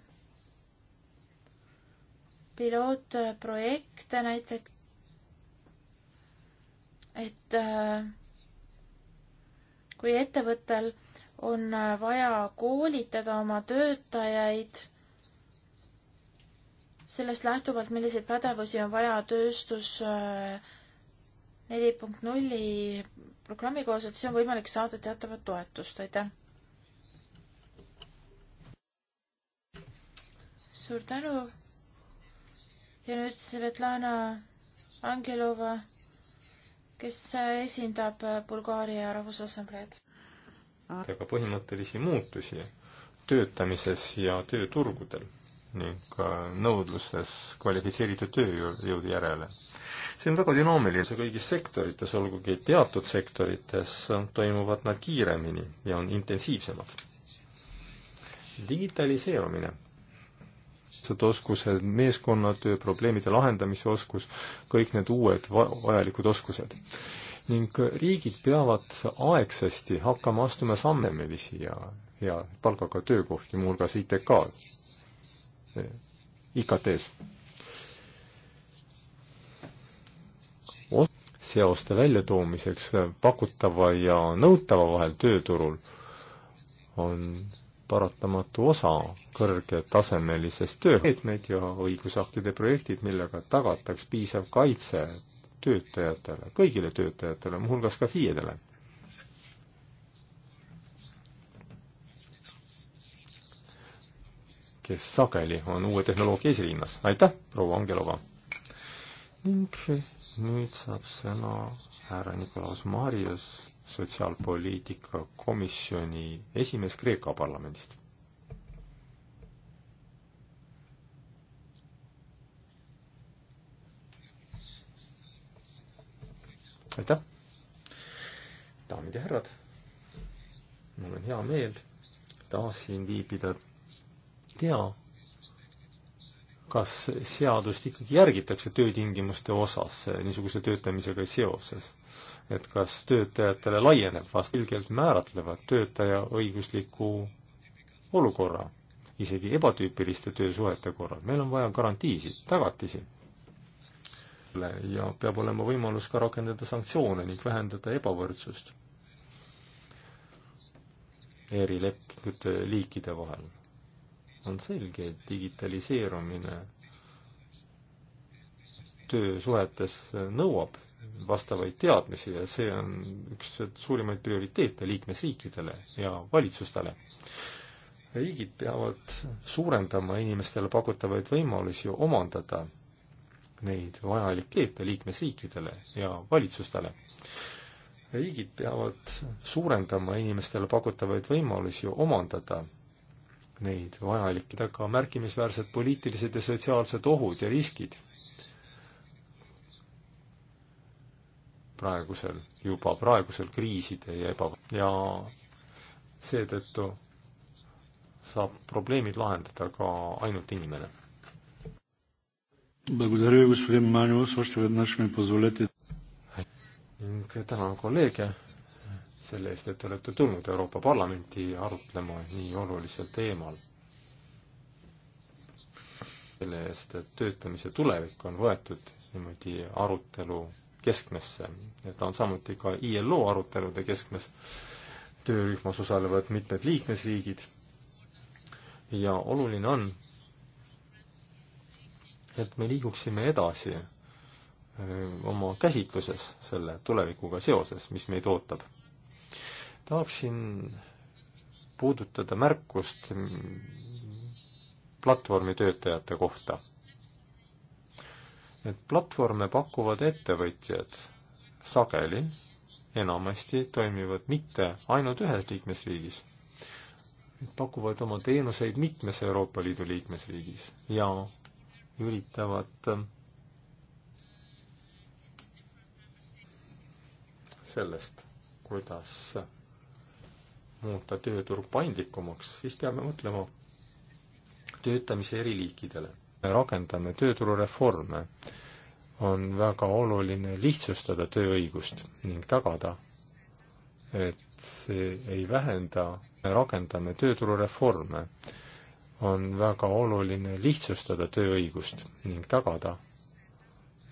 pilootprojekte näiteks, et äh, kui ettevõttel on äh, vaja koolitada oma töötajaid sellest lähtuvalt, milliseid pädevusi on vaja tööstus äh, neli punkt nulli programmi kohaselt, siis on võimalik saada teatavat toetust, aitäh. suur tänu. ja nüüd Svetlana Angelova, kes esindab Bulgaaria Rahvusassambleed. väga põhimõttelisi muutusi töötamises ja tööturgudel ning nõudluses kvalifitseeritud tööjõu järele. see on väga dünaamiline, see kõigis sektorites, olgugi teatud sektorites toimuvad nad kiiremini ja on intensiivsemad. digitaliseerumine, seda oskused, meeskonnatöö, probleemide lahendamise oskus, kõik need uued vajalikud oskused ning riigid peavad aegsasti hakkama astuma sammemelisi ja hea palgaga töökohti, muuhulgas ITK-d IKT-s. seoste väljatoomiseks pakutava ja nõutava vahel tööturul on paratamatu osa kõrgetasemelisest töömeetmed ja õigusaktide projektid, millega tagataks piisav kaitse töötajatele, kõigile töötajatele, muuhulgas ka FIE-dele kes sageli on uue tehnoloogia esirinnas. aitäh, proua Angelova! ning nüüd saab sõna härra Nikolaus Marius, sotsiaalpoliitika komisjoni esimees Kreeka parlamendist. aitäh, daamid ja härrad, mul on hea meel taas siin viibida tea, kas seadust ikkagi järgitakse töötingimuste osas eh, niisuguse töötamisega seoses. et kas töötajatele laieneb vast ilgelt määratlevad töötaja õigusliku olukorra, isegi ebatüüpiliste töösuhete korral, meil on vaja garantiisid, tagatisi. ja peab olema võimalus ka rakendada sanktsioone ning vähendada ebavõrdsust erilepingute liikide vahel on selge, et digitaliseerumine töösuhetes nõuab vastavaid teadmisi ja see on üks suurimaid prioriteete liikmesriikidele ja valitsustele. riigid peavad suurendama inimestele pakutavaid võimalusi omandada neid vajalikke keelte liikmesriikidele ja valitsustele. riigid peavad suurendama inimestele pakutavaid võimalusi omandada neid vajalikida ka märkimisväärsed poliitilised ja sotsiaalsed ohud ja riskid praegusel, juba praegusel kriiside ja eba- ja seetõttu saab probleemid lahendada ka ainult inimene. ning tänan kolleege selle eest, et te olete tulnud Euroopa Parlamenti arutlema nii olulisel teemal. selle eest, et töötamise tulevik on võetud niimoodi arutelu keskmesse ja ta on samuti ka ILO arutelude keskmes. töörühmas osalevad mitmed liikmesriigid ja oluline on, et me liiguksime edasi oma käsitluses selle tulevikuga seoses, mis meid ootab tahaksin puudutada märkust platvormitöötajate kohta. et platvorme pakuvad ettevõtjad sageli, enamasti toimivad mitte ainult ühes liikmesriigis, pakuvad oma teenuseid mitmes Euroopa Liidu liikmesriigis ja üritavad sellest, kuidas muuta tööturg paindlikumaks, siis peame mõtlema töötamise eriliikidele. me rakendame tööturureforme, on väga oluline lihtsustada tööõigust ning tagada, et see ei vähenda, me rakendame tööturureforme, on väga oluline lihtsustada tööõigust ning tagada,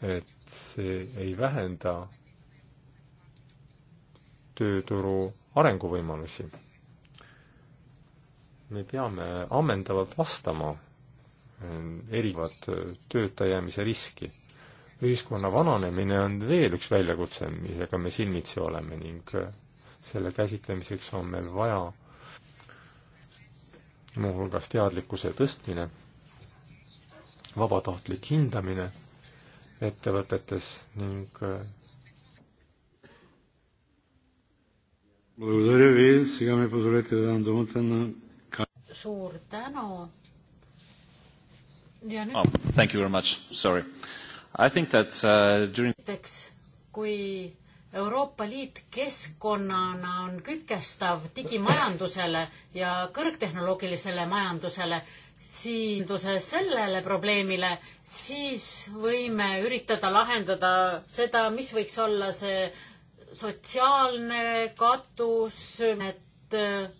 et see ei vähenda tööturu arenguvõimalusi. me peame ammendavalt vastama eh, erinevat töötajäämise riski. ühiskonna vananemine on veel üks väljakutse, millega me silmitsi oleme ning eh, selle käsitlemiseks on meil vaja muuhulgas teadlikkuse tõstmine, vabatahtlik hindamine ettevõtetes ning eh, suur tänu. ja nüüd oh,. Thank you very much, sorry. I think that uh, during. näiteks kui Euroopa Liit keskkonnana on kütkestav digimajandusele ja kõrgtehnoloogilisele majandusele, siinduse sellele probleemile, siis võime üritada lahendada seda, mis võiks olla see sotsiaalne katus, et äh,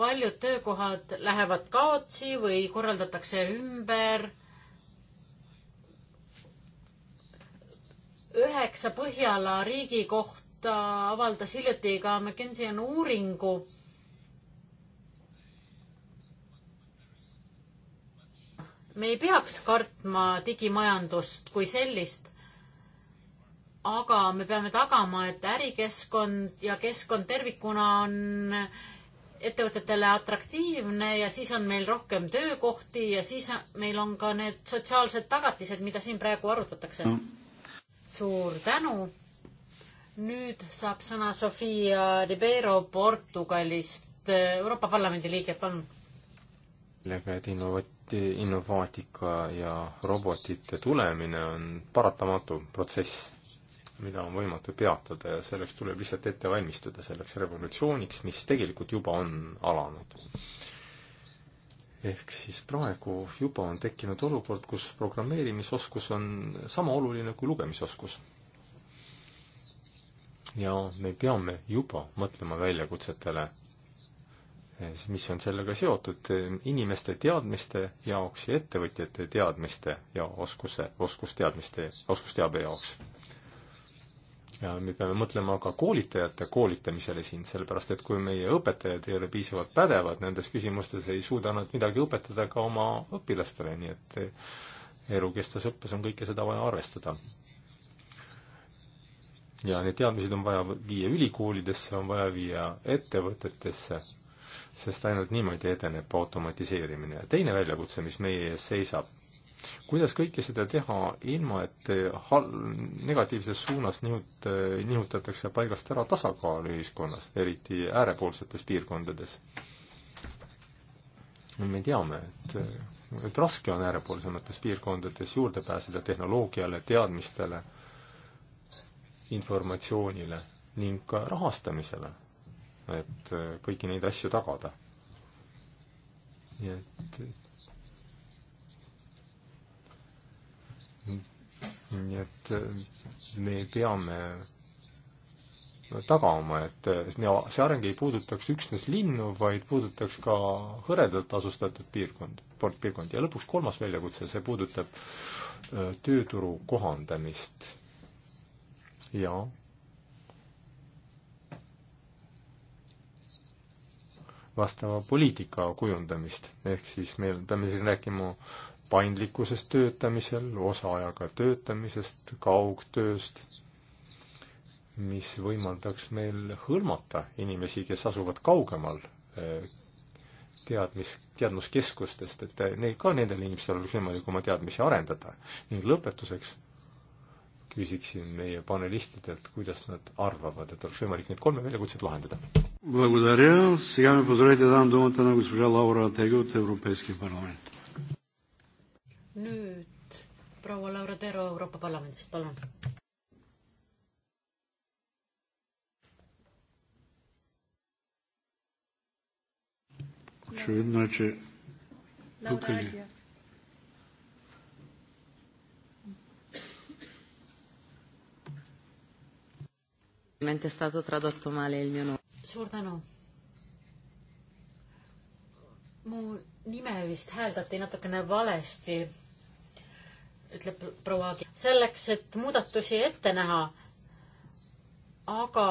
paljud töökohad lähevad kaotsi või korraldatakse ümber. üheksa Põhjala riigi kohta avaldas hiljuti ka McKinsey uuringu me ei peaks kartma digimajandust kui sellist aga me peame tagama, et ärikeskkond ja keskkond tervikuna on ettevõtetele atraktiivne ja siis on meil rohkem töökohti ja siis meil on ka need sotsiaalsed tagatised, mida siin praegu arutatakse no.. suur tänu. nüüd saab sõna Sofia Ribeiro Portugalist, Euroopa Parlamendi liige, palun. sellega, et innovati-, innovaatika ja robotite tulemine on paratamatu protsess mida on võimatu peatada ja selleks tuleb lihtsalt ette valmistuda, selleks revolutsiooniks, mis tegelikult juba on alanud. ehk siis praegu juba on tekkinud olukord, kus programmeerimisoskus on sama oluline kui lugemisoskus. ja me peame juba mõtlema väljakutsetele, eh, mis on sellega seotud eh, inimeste teadmiste jaoks ja ettevõtjate teadmiste ja oskuse, oskusteadmiste, oskusteabe jaoks ja me peame mõtlema ka koolitajate koolitamisele siin, sellepärast et kui meie õpetajad ei ole piisavalt pädevad nendes küsimustes, ei suuda nad midagi õpetada ka oma õpilastele, nii et elukestvas õppes on kõike seda vaja arvestada. ja need teadmised on vaja viia ülikoolidesse, on vaja viia ettevõtetesse, sest ainult niimoodi edeneb automatiseerimine. ja teine väljakutse, mis meie ees seisab, kuidas kõike seda teha, ilma et hal-, negatiivses suunas nihut-, nihutatakse paigast ära tasakaal ühiskonnas, eriti äärepoolsetes piirkondades? me teame, et, et raske on äärepoolsemates piirkondades juurde pääseda tehnoloogiale, teadmistele, informatsioonile ning ka rahastamisele, et kõiki neid asju tagada. nii et nii et äh, me peame tagama, et äh, see areng ei puudutaks üksnes linnu, vaid puudutaks ka hõredalt asustatud piirkond, piirkondi. ja lõpuks kolmas väljakutse, see puudutab äh, tööturu kohandamist ja vastava poliitika kujundamist, ehk siis me peame siin rääkima paindlikkusest töötamisel, osaajaga töötamisest, kaugtööst, mis võimaldaks meil hõlmata inimesi, kes asuvad kaugemal eh, teadmis, teadmuskeskustest, et eh, neil ka, nendel inimestel oleks võimalik oma teadmisi arendada. ning lõpetuseks küsiksin meie panelistidelt, kuidas nad arvavad, et oleks võimalik need kolme väljakutset lahendada. Благодаря. Сега ми позволете да дам думата на госпожа Лаура Тега от Европейския парламент nüüd proua Laura Tero Euroopa Parlamendist, palun. Очевидно е, че тук ли? È stato tradotto male il mio nome. Suur tänu. mu nime vist hääldati natukene valesti ütleb proua Aagi, selleks, et muudatusi ette näha. aga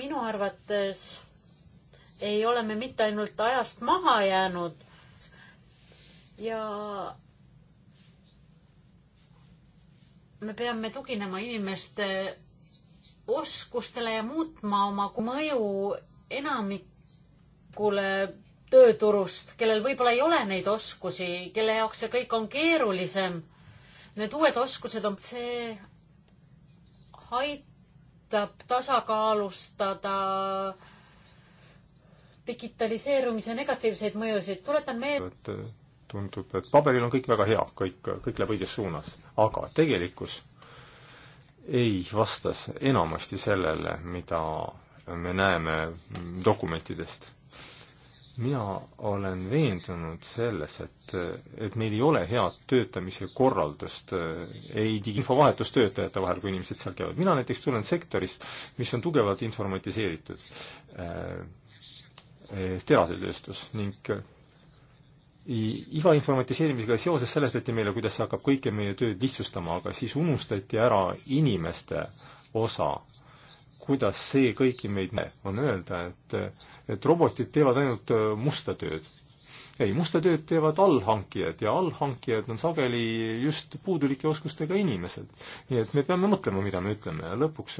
minu arvates ei ole me mitte ainult ajast maha jäänud ja me peame tuginema inimeste oskustele ja muutma oma mõju enamikule tööturust, kellel võib-olla ei ole neid oskusi, kelle jaoks see kõik on keerulisem. Need uued oskused on, see aitab tasakaalustada digitaliseerumise negatiivseid mõjusid, tuletan meelde. et eh, tundub, et paberil on kõik väga hea, kõik, kõik läheb õiges suunas, aga tegelikkus ei vastas enamasti sellele, mida me näeme dokumentidest mina olen veendunud selles, et, et meil ei ole head töötamise korraldust, eh, ei digiinfovahetust töötajate vahel, kui inimesed seal käivad. mina näiteks tulen sektorist, mis on tugevalt informatiseeritud äh,, terasetööstus ning iga informatiseerimisega seoses seletati meile, kuidas see hakkab kõike meie tööd lihtsustama, aga siis unustati ära inimeste osa kuidas see kõiki meid näeb, on öelda, et, et robotid teevad ainult äh, musta tööd. ei, musta tööd teevad allhankijad ja allhankijad on sageli just puudulike oskustega inimesed. nii et me peame mõtlema, mida me ütleme ja lõpuks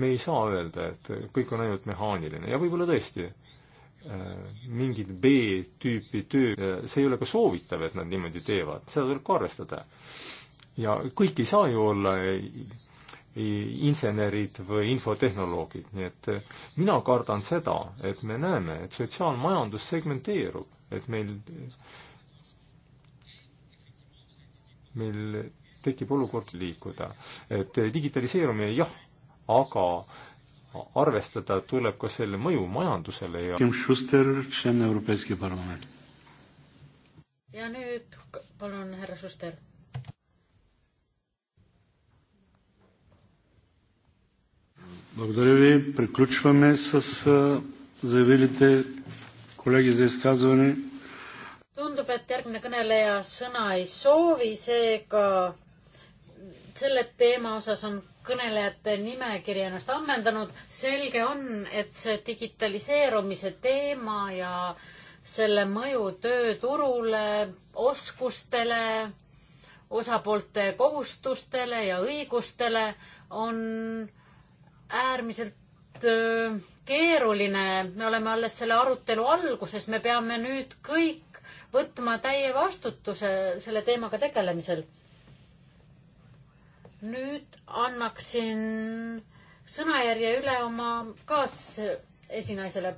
me ei saa öelda, et kõik on ainult mehaaniline ja võib-olla tõesti äh, mingit B-tüüpi töö, äh, see ei ole ka soovitav, et nad niimoodi teevad, seda tuleb ka arvestada. ja kõik ei saa ju olla ei, insenerid või infotehnoloogid, nii et eh, mina kardan seda, et me näeme, et sotsiaalmajandus segmenteerub, et meil, meil tekib olukord liikuda. et eh, digitaliseerumine jah, aga arvestada tuleb ka selle mõju majandusele ja Kim Schuster, Euroopa Parlament. ja nüüd palun, härra Schuster Благодаря ви. Приключваме с заявилите колеги за изказване. Tundub, et järgmine kõneleja sõna ei soovi, seega selle teema osas on kõnelejate nimekiri ennast ammendanud. selge on, et see digitaliseerumise teema ja selle mõju tööturule, oskustele, osapoolte kohustustele ja õigustele on äärmiselt keeruline, me oleme alles selle arutelu alguses, me peame nüüd kõik võtma täie vastutuse selle teemaga tegelemisel. nüüd annaksin sõnajärje üle oma kaasesinaisele.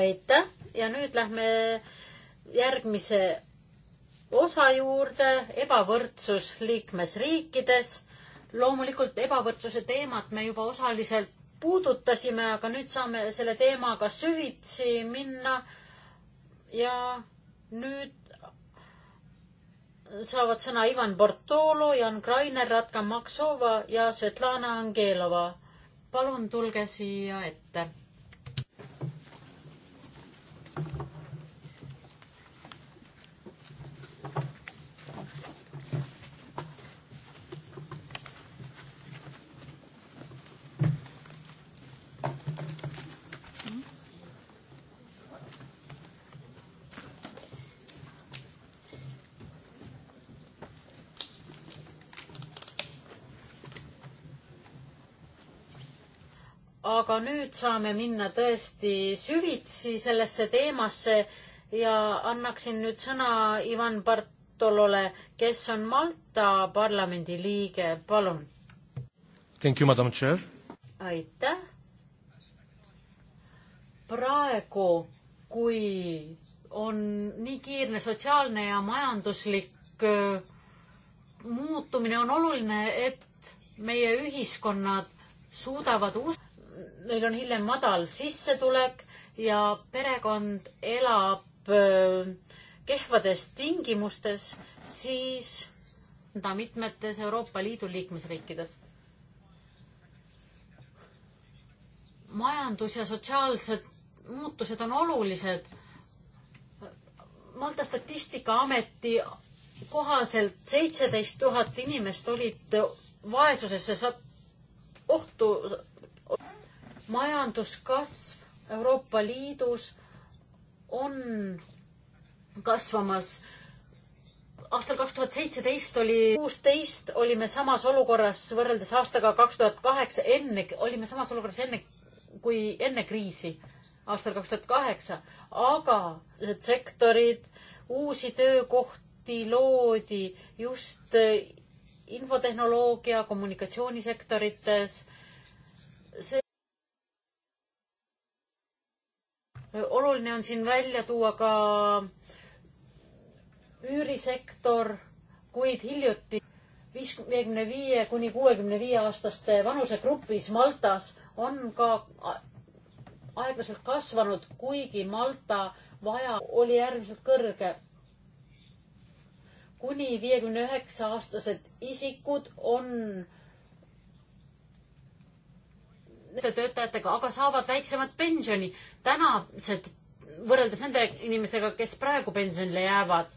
aitäh ja nüüd lähme järgmise osa juurde, ebavõrdsus liikmesriikides loomulikult ebavõrdsuse teemat me juba osaliselt puudutasime, aga nüüd saame selle teemaga süvitsi minna. ja nüüd saavad sõna Ivan Bortolo, Jan Krainer, Ratka Maksova ja Svetlana Angelova. palun tulge siia ette aga nüüd saame minna tõesti süvitsi sellesse teemasse ja annaksin nüüd sõna Ivan Bartolole, kes on Malta parlamendi liige, palun. Thank you, madam chair. aitäh. praegu, kui on nii kiirne sotsiaalne ja majanduslik äh, muutumine, on oluline, et meie ühiskonnad suudavad us-, neil on hiljem madal sissetulek ja perekond elab äh, kehvades tingimustes, siis seda mitmetes Euroopa Liidu liikmesriikides. majandus ja sotsiaalsed muutused on olulised. Malta Statistikaameti kohaselt seitseteist tuhat inimest olid vaesusesse ohtu majanduskasv Euroopa Liidus on kasvamas. aastal kaks tuhat seitseteist oli kuusteist, olime samas olukorras võrreldes aastaga kaks tuhat kaheksa, enne, olime samas olukorras enne kui enne kriisi, aastal kaks tuhat kaheksa, aga need sektorid, uusi töökohti loodi just infotehnoloogia, kommunikatsioonisektorites see Äh, oluline on siin välja tuua ka üürisektor, kuid hiljuti viiekümne viie kuni kuuekümne viie aastaste vanusegrupis Maltas on ka aeglaselt kasvanud, kuigi Malta vaja oli äärmiselt kõrge. kuni viiekümne üheksa aastased isikud on töötajatega, aga saavad väiksemat pensioni tänased võrreldes nende inimestega, kes praegu pensionile jäävad.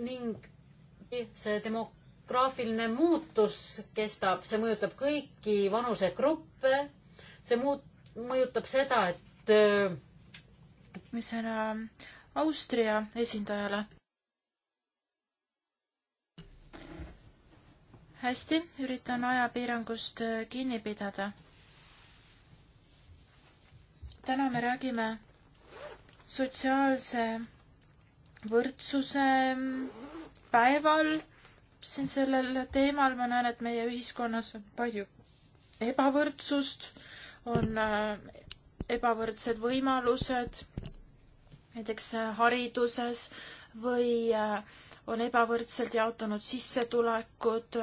ning see demograafiline muutus kestab, see mõjutab kõiki vanusegruppe, see muut-, mõjutab seda, et äh, mis sõna äh, Austria esindajale? hästi, üritan ajapiirangust äh, kinni pidada täna me räägime sotsiaalse võrdsuse päeval siin sellel teemal. ma näen, et meie ühiskonnas on palju ebavõrdsust, on äh, ebavõrdsed võimalused näiteks äh, hariduses või äh, on ebavõrdselt jaotunud sissetulekud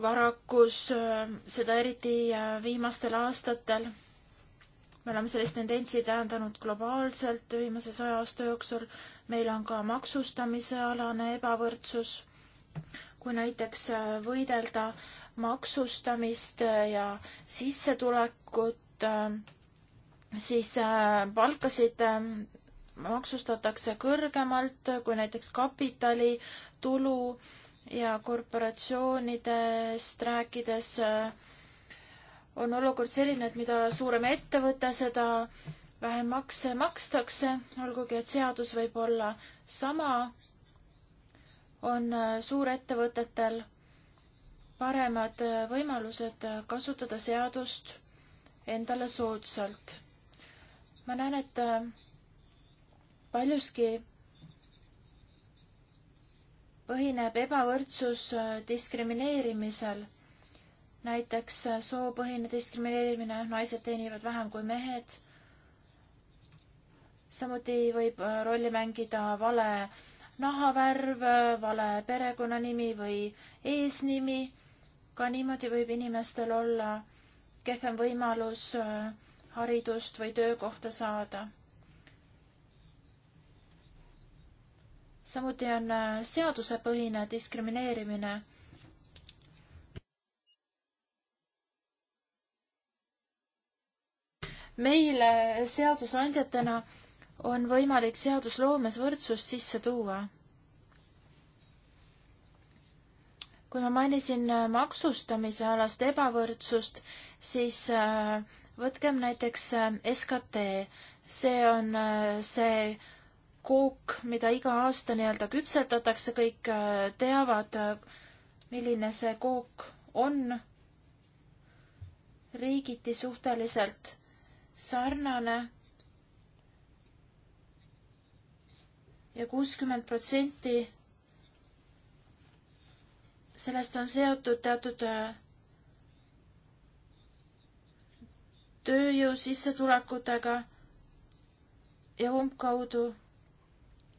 varakus, äh, seda eriti äh, viimastel aastatel. me oleme sellist tendentsi tähendanud globaalselt viimase saja aasta jooksul. meil on ka maksustamise alane ebavõrdsus. kui näiteks äh, võidelda maksustamist ja sissetulekut, siis palkasid maksustatakse kõrgemalt kui näiteks kapitalitulu ja korporatsioonidest rääkides äh, on olukord selline, et mida suurem ettevõte, seda vähem makse makstakse, olgugi et seadus võib olla sama, on äh, suurettevõtetel paremad äh, võimalused kasutada seadust endale soodsalt. ma näen, et paljuski põhineb ebavõrdsus äh, diskrimineerimisel. näiteks äh, soopõhine diskrimineerimine, noh, naised teenivad vähem kui mehed. samuti võib äh, rolli mängida vale nahavärv, vale perekonnanimi või eesnimi. ka niimoodi võib inimestel olla kehvem võimalus haridust või töökohta saada samuti on äh, seadusepõhine diskrimineerimine meil seadusandjatena on võimalik seadusloomes võrdsust sisse tuua. kui ma mainisin äh, maksustamise alast ebavõrdsust, siis äh, võtkem näiteks SKT, see on see kook, mida iga aasta nii-öelda küpsetatakse, kõik äh, teavad, äh, milline see kook on riigiti suhteliselt sarnane ja kuuskümmend protsenti sellest on seotud teatud äh, tööjõu sissetulekutega ja umbkaudu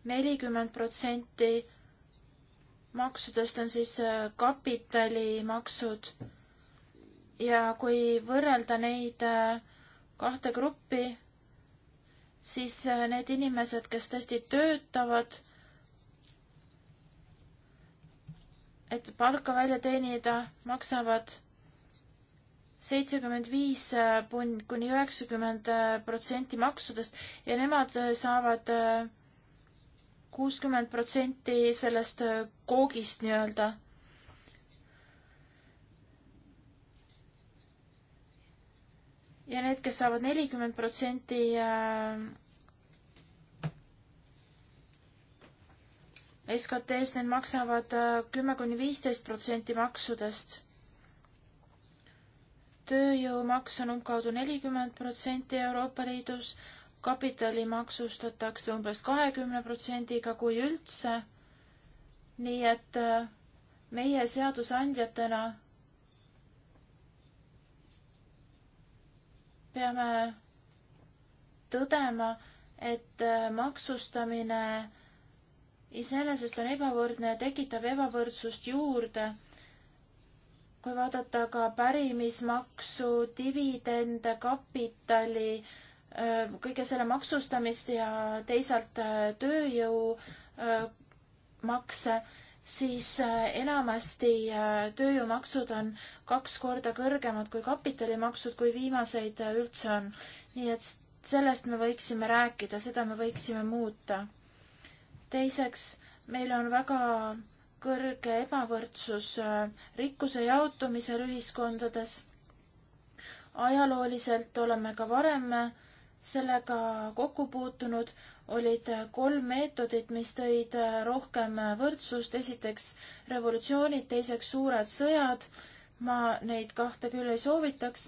nelikümmend protsenti maksudest on siis äh, kapitalimaksud ja kui võrrelda neid äh, kahte gruppi, siis äh, need inimesed, kes tõesti töötavad, et palka välja teenida, maksavad seitsekümmend viis kuni üheksakümmend protsenti maksudest ja nemad saavad kakssada kuuskümmend protsenti sellest äh, koogist nii-öelda. ja need, kes saavad nelikümmend protsenti äh, SKT-s, need maksavad äh, kümme kuni viisteist protsenti maksudest. tööjõumaks on umbkaudu nelikümmend protsenti Euroopa Liidus kapitali maksustatakse umbes kahekümne protsendiga, kui üldse. nii et äh, meie seadusandjatena peame tõdema, et äh, maksustamine iseenesest on ebavõrdne ja tekitab ebavõrdsust juurde. kui vaadata ka pärimismaksu, dividende, kapitali, Äh, kõige selle maksustamist ja teisalt äh, tööjõumakse, äh, siis enamasti tööjõumaksud on kaks korda kõrgemad kui kapitalimaksud, kui viimaseid üldse on. nii et sellest me võiksime rääkida, seda me võiksime muuta. teiseks, meil on väga kõrge ebavõrdsus rikkuse jaotumisel ühiskondades. ajalooliselt oleme ka varem sellega kokku puutunud, olid kolm meetodit, mis tõid rohkem võrdsust, esiteks revolutsioonid, teiseks suured sõjad, ma neid kahte küll ei soovitaks,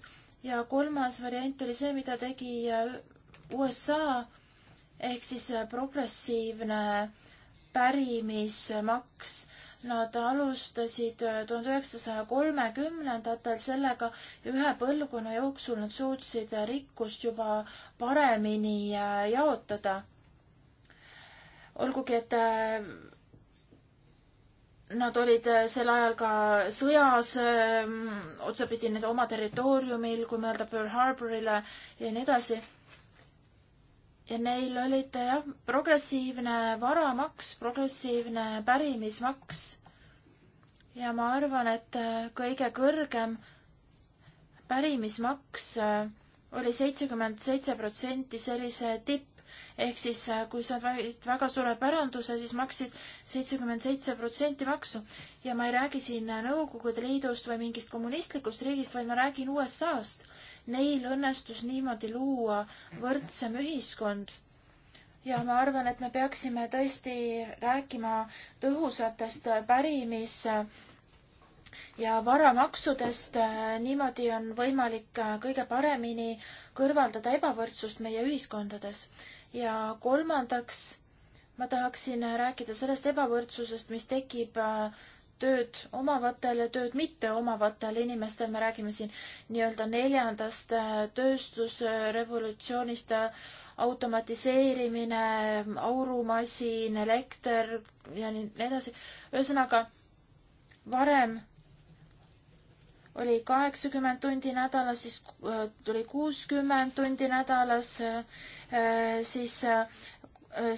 ja kolmas variant oli see, mida tegi USA ehk siis progressiivne pärimismaks Nad alustasid äh, tuhande üheksasaja kolmekümnendatel sellega ja ühe põlvkonna jooksul nad suutsid äh, rikkust juba paremini äh, jaotada. olgugi, et nad olid sel ajal ka sõjas ähm, otsapidi nende oma territooriumil, kui mõelda Pearl Harborile ja nii edasi ja neil olid jah, progressiivne varamaks, progressiivne pärimismaks. ja ma arvan, et äh, kõige kõrgem pärimismaks äh, oli seitsekümmend seitse protsenti sellise tipp, ehk siis äh, kui sa olid väga suure päranduse, siis maksid seitsekümmend seitse protsenti maksu. ja ma ei räägi siin Nõukogude Liidust või mingist kommunistlikust riigist, vaid ma räägin USA-st neil õnnestus niimoodi luua võrdsem ühiskond. ja ma arvan, et me peaksime tõesti rääkima tõhusatest pärimis ja varamaksudest, niimoodi on võimalik kõige paremini kõrvaldada ebavõrdsust meie ühiskondades. ja kolmandaks ma tahaksin rääkida sellest ebavõrdsusest, mis tekib äh, tööd omavatel ja tööd mitte omavatel inimestel, me räägime siin nii-öelda neljandast äh, tööstusrevolutsioonist, äh, automatiseerimine, aurumasin, elekter ja nii edasi. ühesõnaga, varem oli kaheksakümmend tundi nädalas, siis äh, tuli kuuskümmend tundi nädalas, siis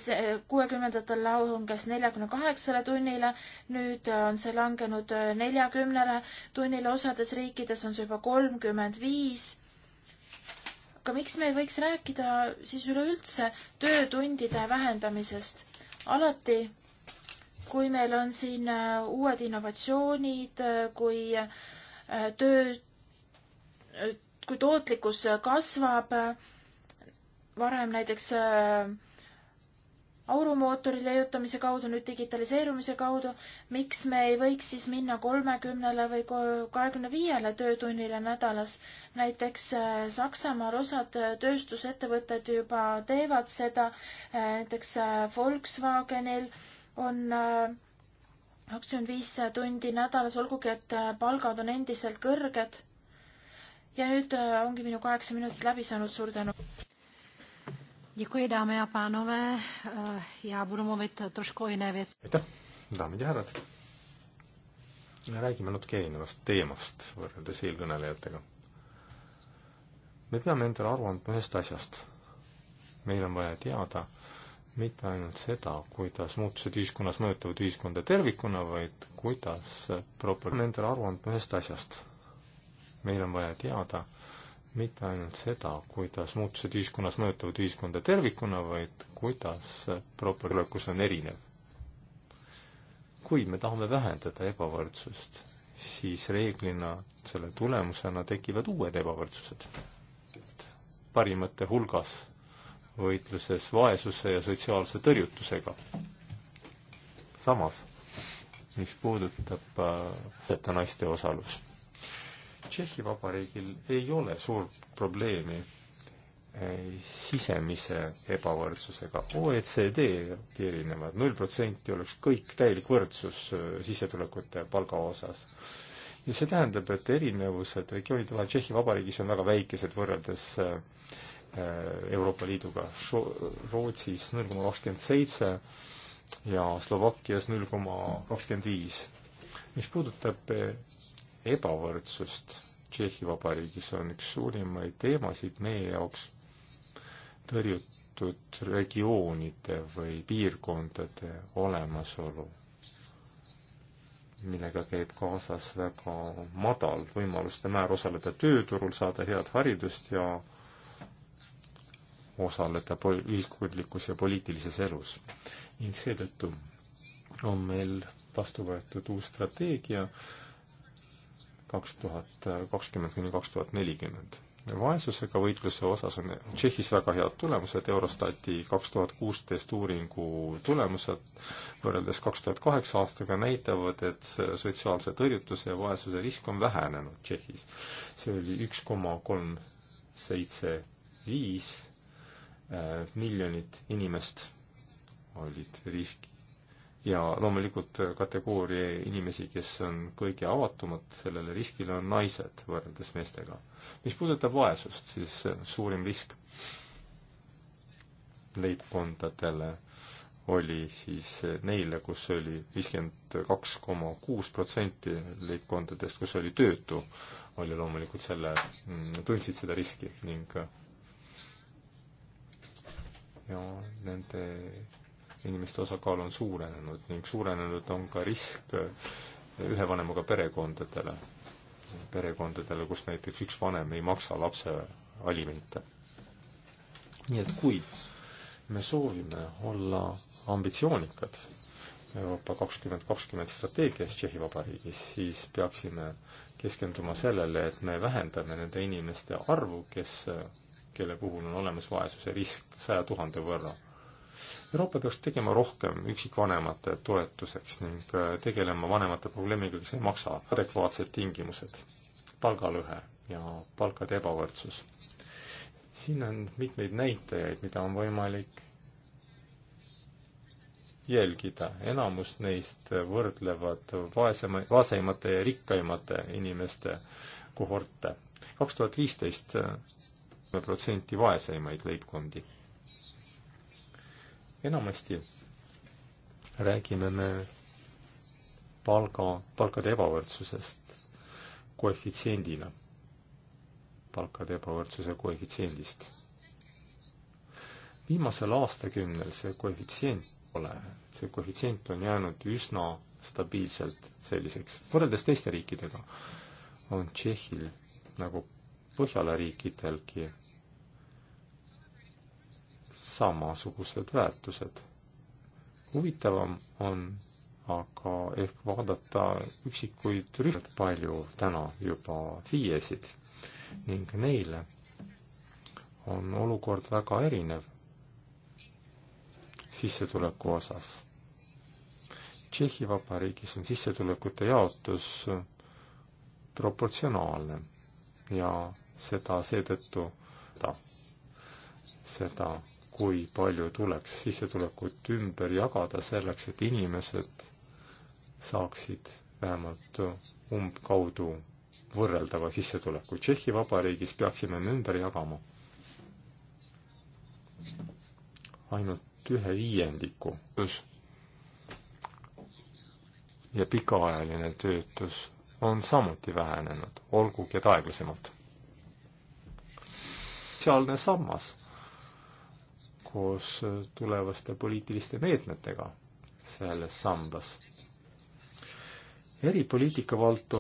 see kuuekümnendatel langes neljakümne kaheksale tunnile, nüüd äh, on see langenud äh, neljakümnele tunnile, osades riikides on see juba kolmkümmend viis. aga miks me ei võiks rääkida siis üleüldse töötundide vähendamisest? alati, kui meil on siin äh, uued innovatsioonid, kui töö, kui tootlikkus kasvab, varem näiteks äh, aurumootori leiutamise kaudu, nüüd digitaliseerumise kaudu, miks me ei võiks siis minna kolmekümnele või kahekümne viiele töötunnile nädalas. näiteks äh, Saksamaal osad äh, tööstusettevõtted juba teevad seda, äh, näiteks Volkswagenil on kakskümmend viis tundi nädalas, olgugi et palgad on endiselt kõrged. ja nüüd ongi minu kaheksa minutit läbi saanud, suur tänu! Děkuji, dámy a pánové. Eh, já budu mluvit trošku o jiné věci. aitäh, daamid ja härrad. räägime natuke erinevast teemast võrreldes eelkõnelejatega. me peame endale aru andma ühest asjast. meil on vaja teada mitte ainult seda, kuidas muutused ühiskonnas mõjutavad ühiskonda tervikuna, vaid kuidas propaganda endale aru andma ühest asjast. meil on vaja teada mitte ainult seda, kuidas muutused ühiskonnas mõjutavad ühiskonda tervikuna, vaid kuidas propageerikus on erinev. kui me tahame vähendada ebavõrdsust, siis reeglina selle tulemusena tekivad uued ebavõrdsused. parimate hulgas võitluses vaesuse ja sotsiaalse tõrjutusega. samas, mis puudutab äh, naiste osalust Tšehhi Vabariigil ei ole suurt probleemi eh, sisemise ebavõrdsusega. OECD erinevad, null protsenti oleks kõik täielik võrdsus eh, sissetulekute palga osas. ja see tähendab, et erinevused regioonide vahel Tšehhi Vabariigis on väga väikesed võrreldes eh, Euroopa Liiduga. Rootsis null koma kakskümmend seitse ja Slovakkias null koma kakskümmend viis. mis puudutab ebavõrdsust Tšehhi Vabariigis on üks suurimaid teemasid meie jaoks tõrjutud regioonide või piirkondade olemasolu, millega käib kaasas väga madal võimaluste määr osaleda tööturul, saada head haridust ja osaleda pol-, ühiskondlikus ja poliitilises elus. ning seetõttu on meil vastu võetud uus strateegia, kaks tuhat kakskümmend kuni kaks tuhat nelikümmend. vaesusega võitluse osas on Tšehhis väga head tulemused, Eurostati kaks tuhat kuusteist uuringu tulemused võrreldes kaks tuhat kaheksa aastaga näitavad, et sotsiaalse tõrjutuse ja vaesuse risk on vähenenud Tšehhis. see oli üks koma kolm seitse viis eh, miljonit inimest olid riski, ja loomulikult äh, kategooria inimesi, kes on kõige avatumad sellele riskile, on naised võrreldes meestega. mis puudutab vaesust, siis äh, suurim risk leibkondadele oli siis äh, neile, kus oli viiskümmend kaks koma kuus protsenti leibkondadest, kus oli töötu, oli loomulikult selle, mm, tundsid seda riski ning ja nende inimeste osakaal on suurenenud ning suurenenud on ka risk eh, ühe vanemaga perekondadele, perekondadele, kus näiteks üks vanem ei maksa lapse alimente. nii et kui me soovime olla ambitsioonikad Euroopa kakskümmend kakskümmend strateegias Tšehhi Vabariigis, siis peaksime keskenduma sellele, et me vähendame nende inimeste arvu, kes, kelle puhul on olemas vaesuse risk saja tuhande võrra Euroopa peaks tegema rohkem üksikvanemate toetuseks ning äh, tegelema vanemate probleemiga, kes ei maksa adekvaatsed tingimused, palgalõhe ja palkade ebavõrdsus. siin on mitmeid näitajaid, mida on võimalik jälgida, enamus neist võrdlevad vaesema, vaesemate ja rikkaimate inimeste kohorte. kaks tuhat viisteist äh, protsenti vaeseimaid leibkondi enamasti räägime me palga, palkade ebavõrdsusest koefitsiendina, palkade ebavõrdsuse koefitsiendist. viimasel aastakümnel see koefitsient pole, see koefitsient on jäänud üsna stabiilselt selliseks, võrreldes teiste riikidega on Tšehhil nagu Põhjala riikidelgi samasugused väärtused. huvitavam on aga ehk vaadata üksikuid rühmad palju täna juba FIE-sid ning neile on olukord väga erinev sissetuleku osas. Tšehhi Vabariigis on sissetulekute jaotus proportsionaalne ja seda seetõttu ta seda kui palju tuleks sissetulekut ümber jagada selleks, et inimesed saaksid vähemalt umbkaudu võrreldava sissetuleku. Tšehhi Vabariigis peaksime me ümber jagama ainult ühe viiendiku. ja pikaajaline töötus on samuti vähenenud, olgugi et aeglasemalt. sotsiaalne sammas koos tulevaste poliitiliste meetmetega selles sambas. eripoliitika valdkond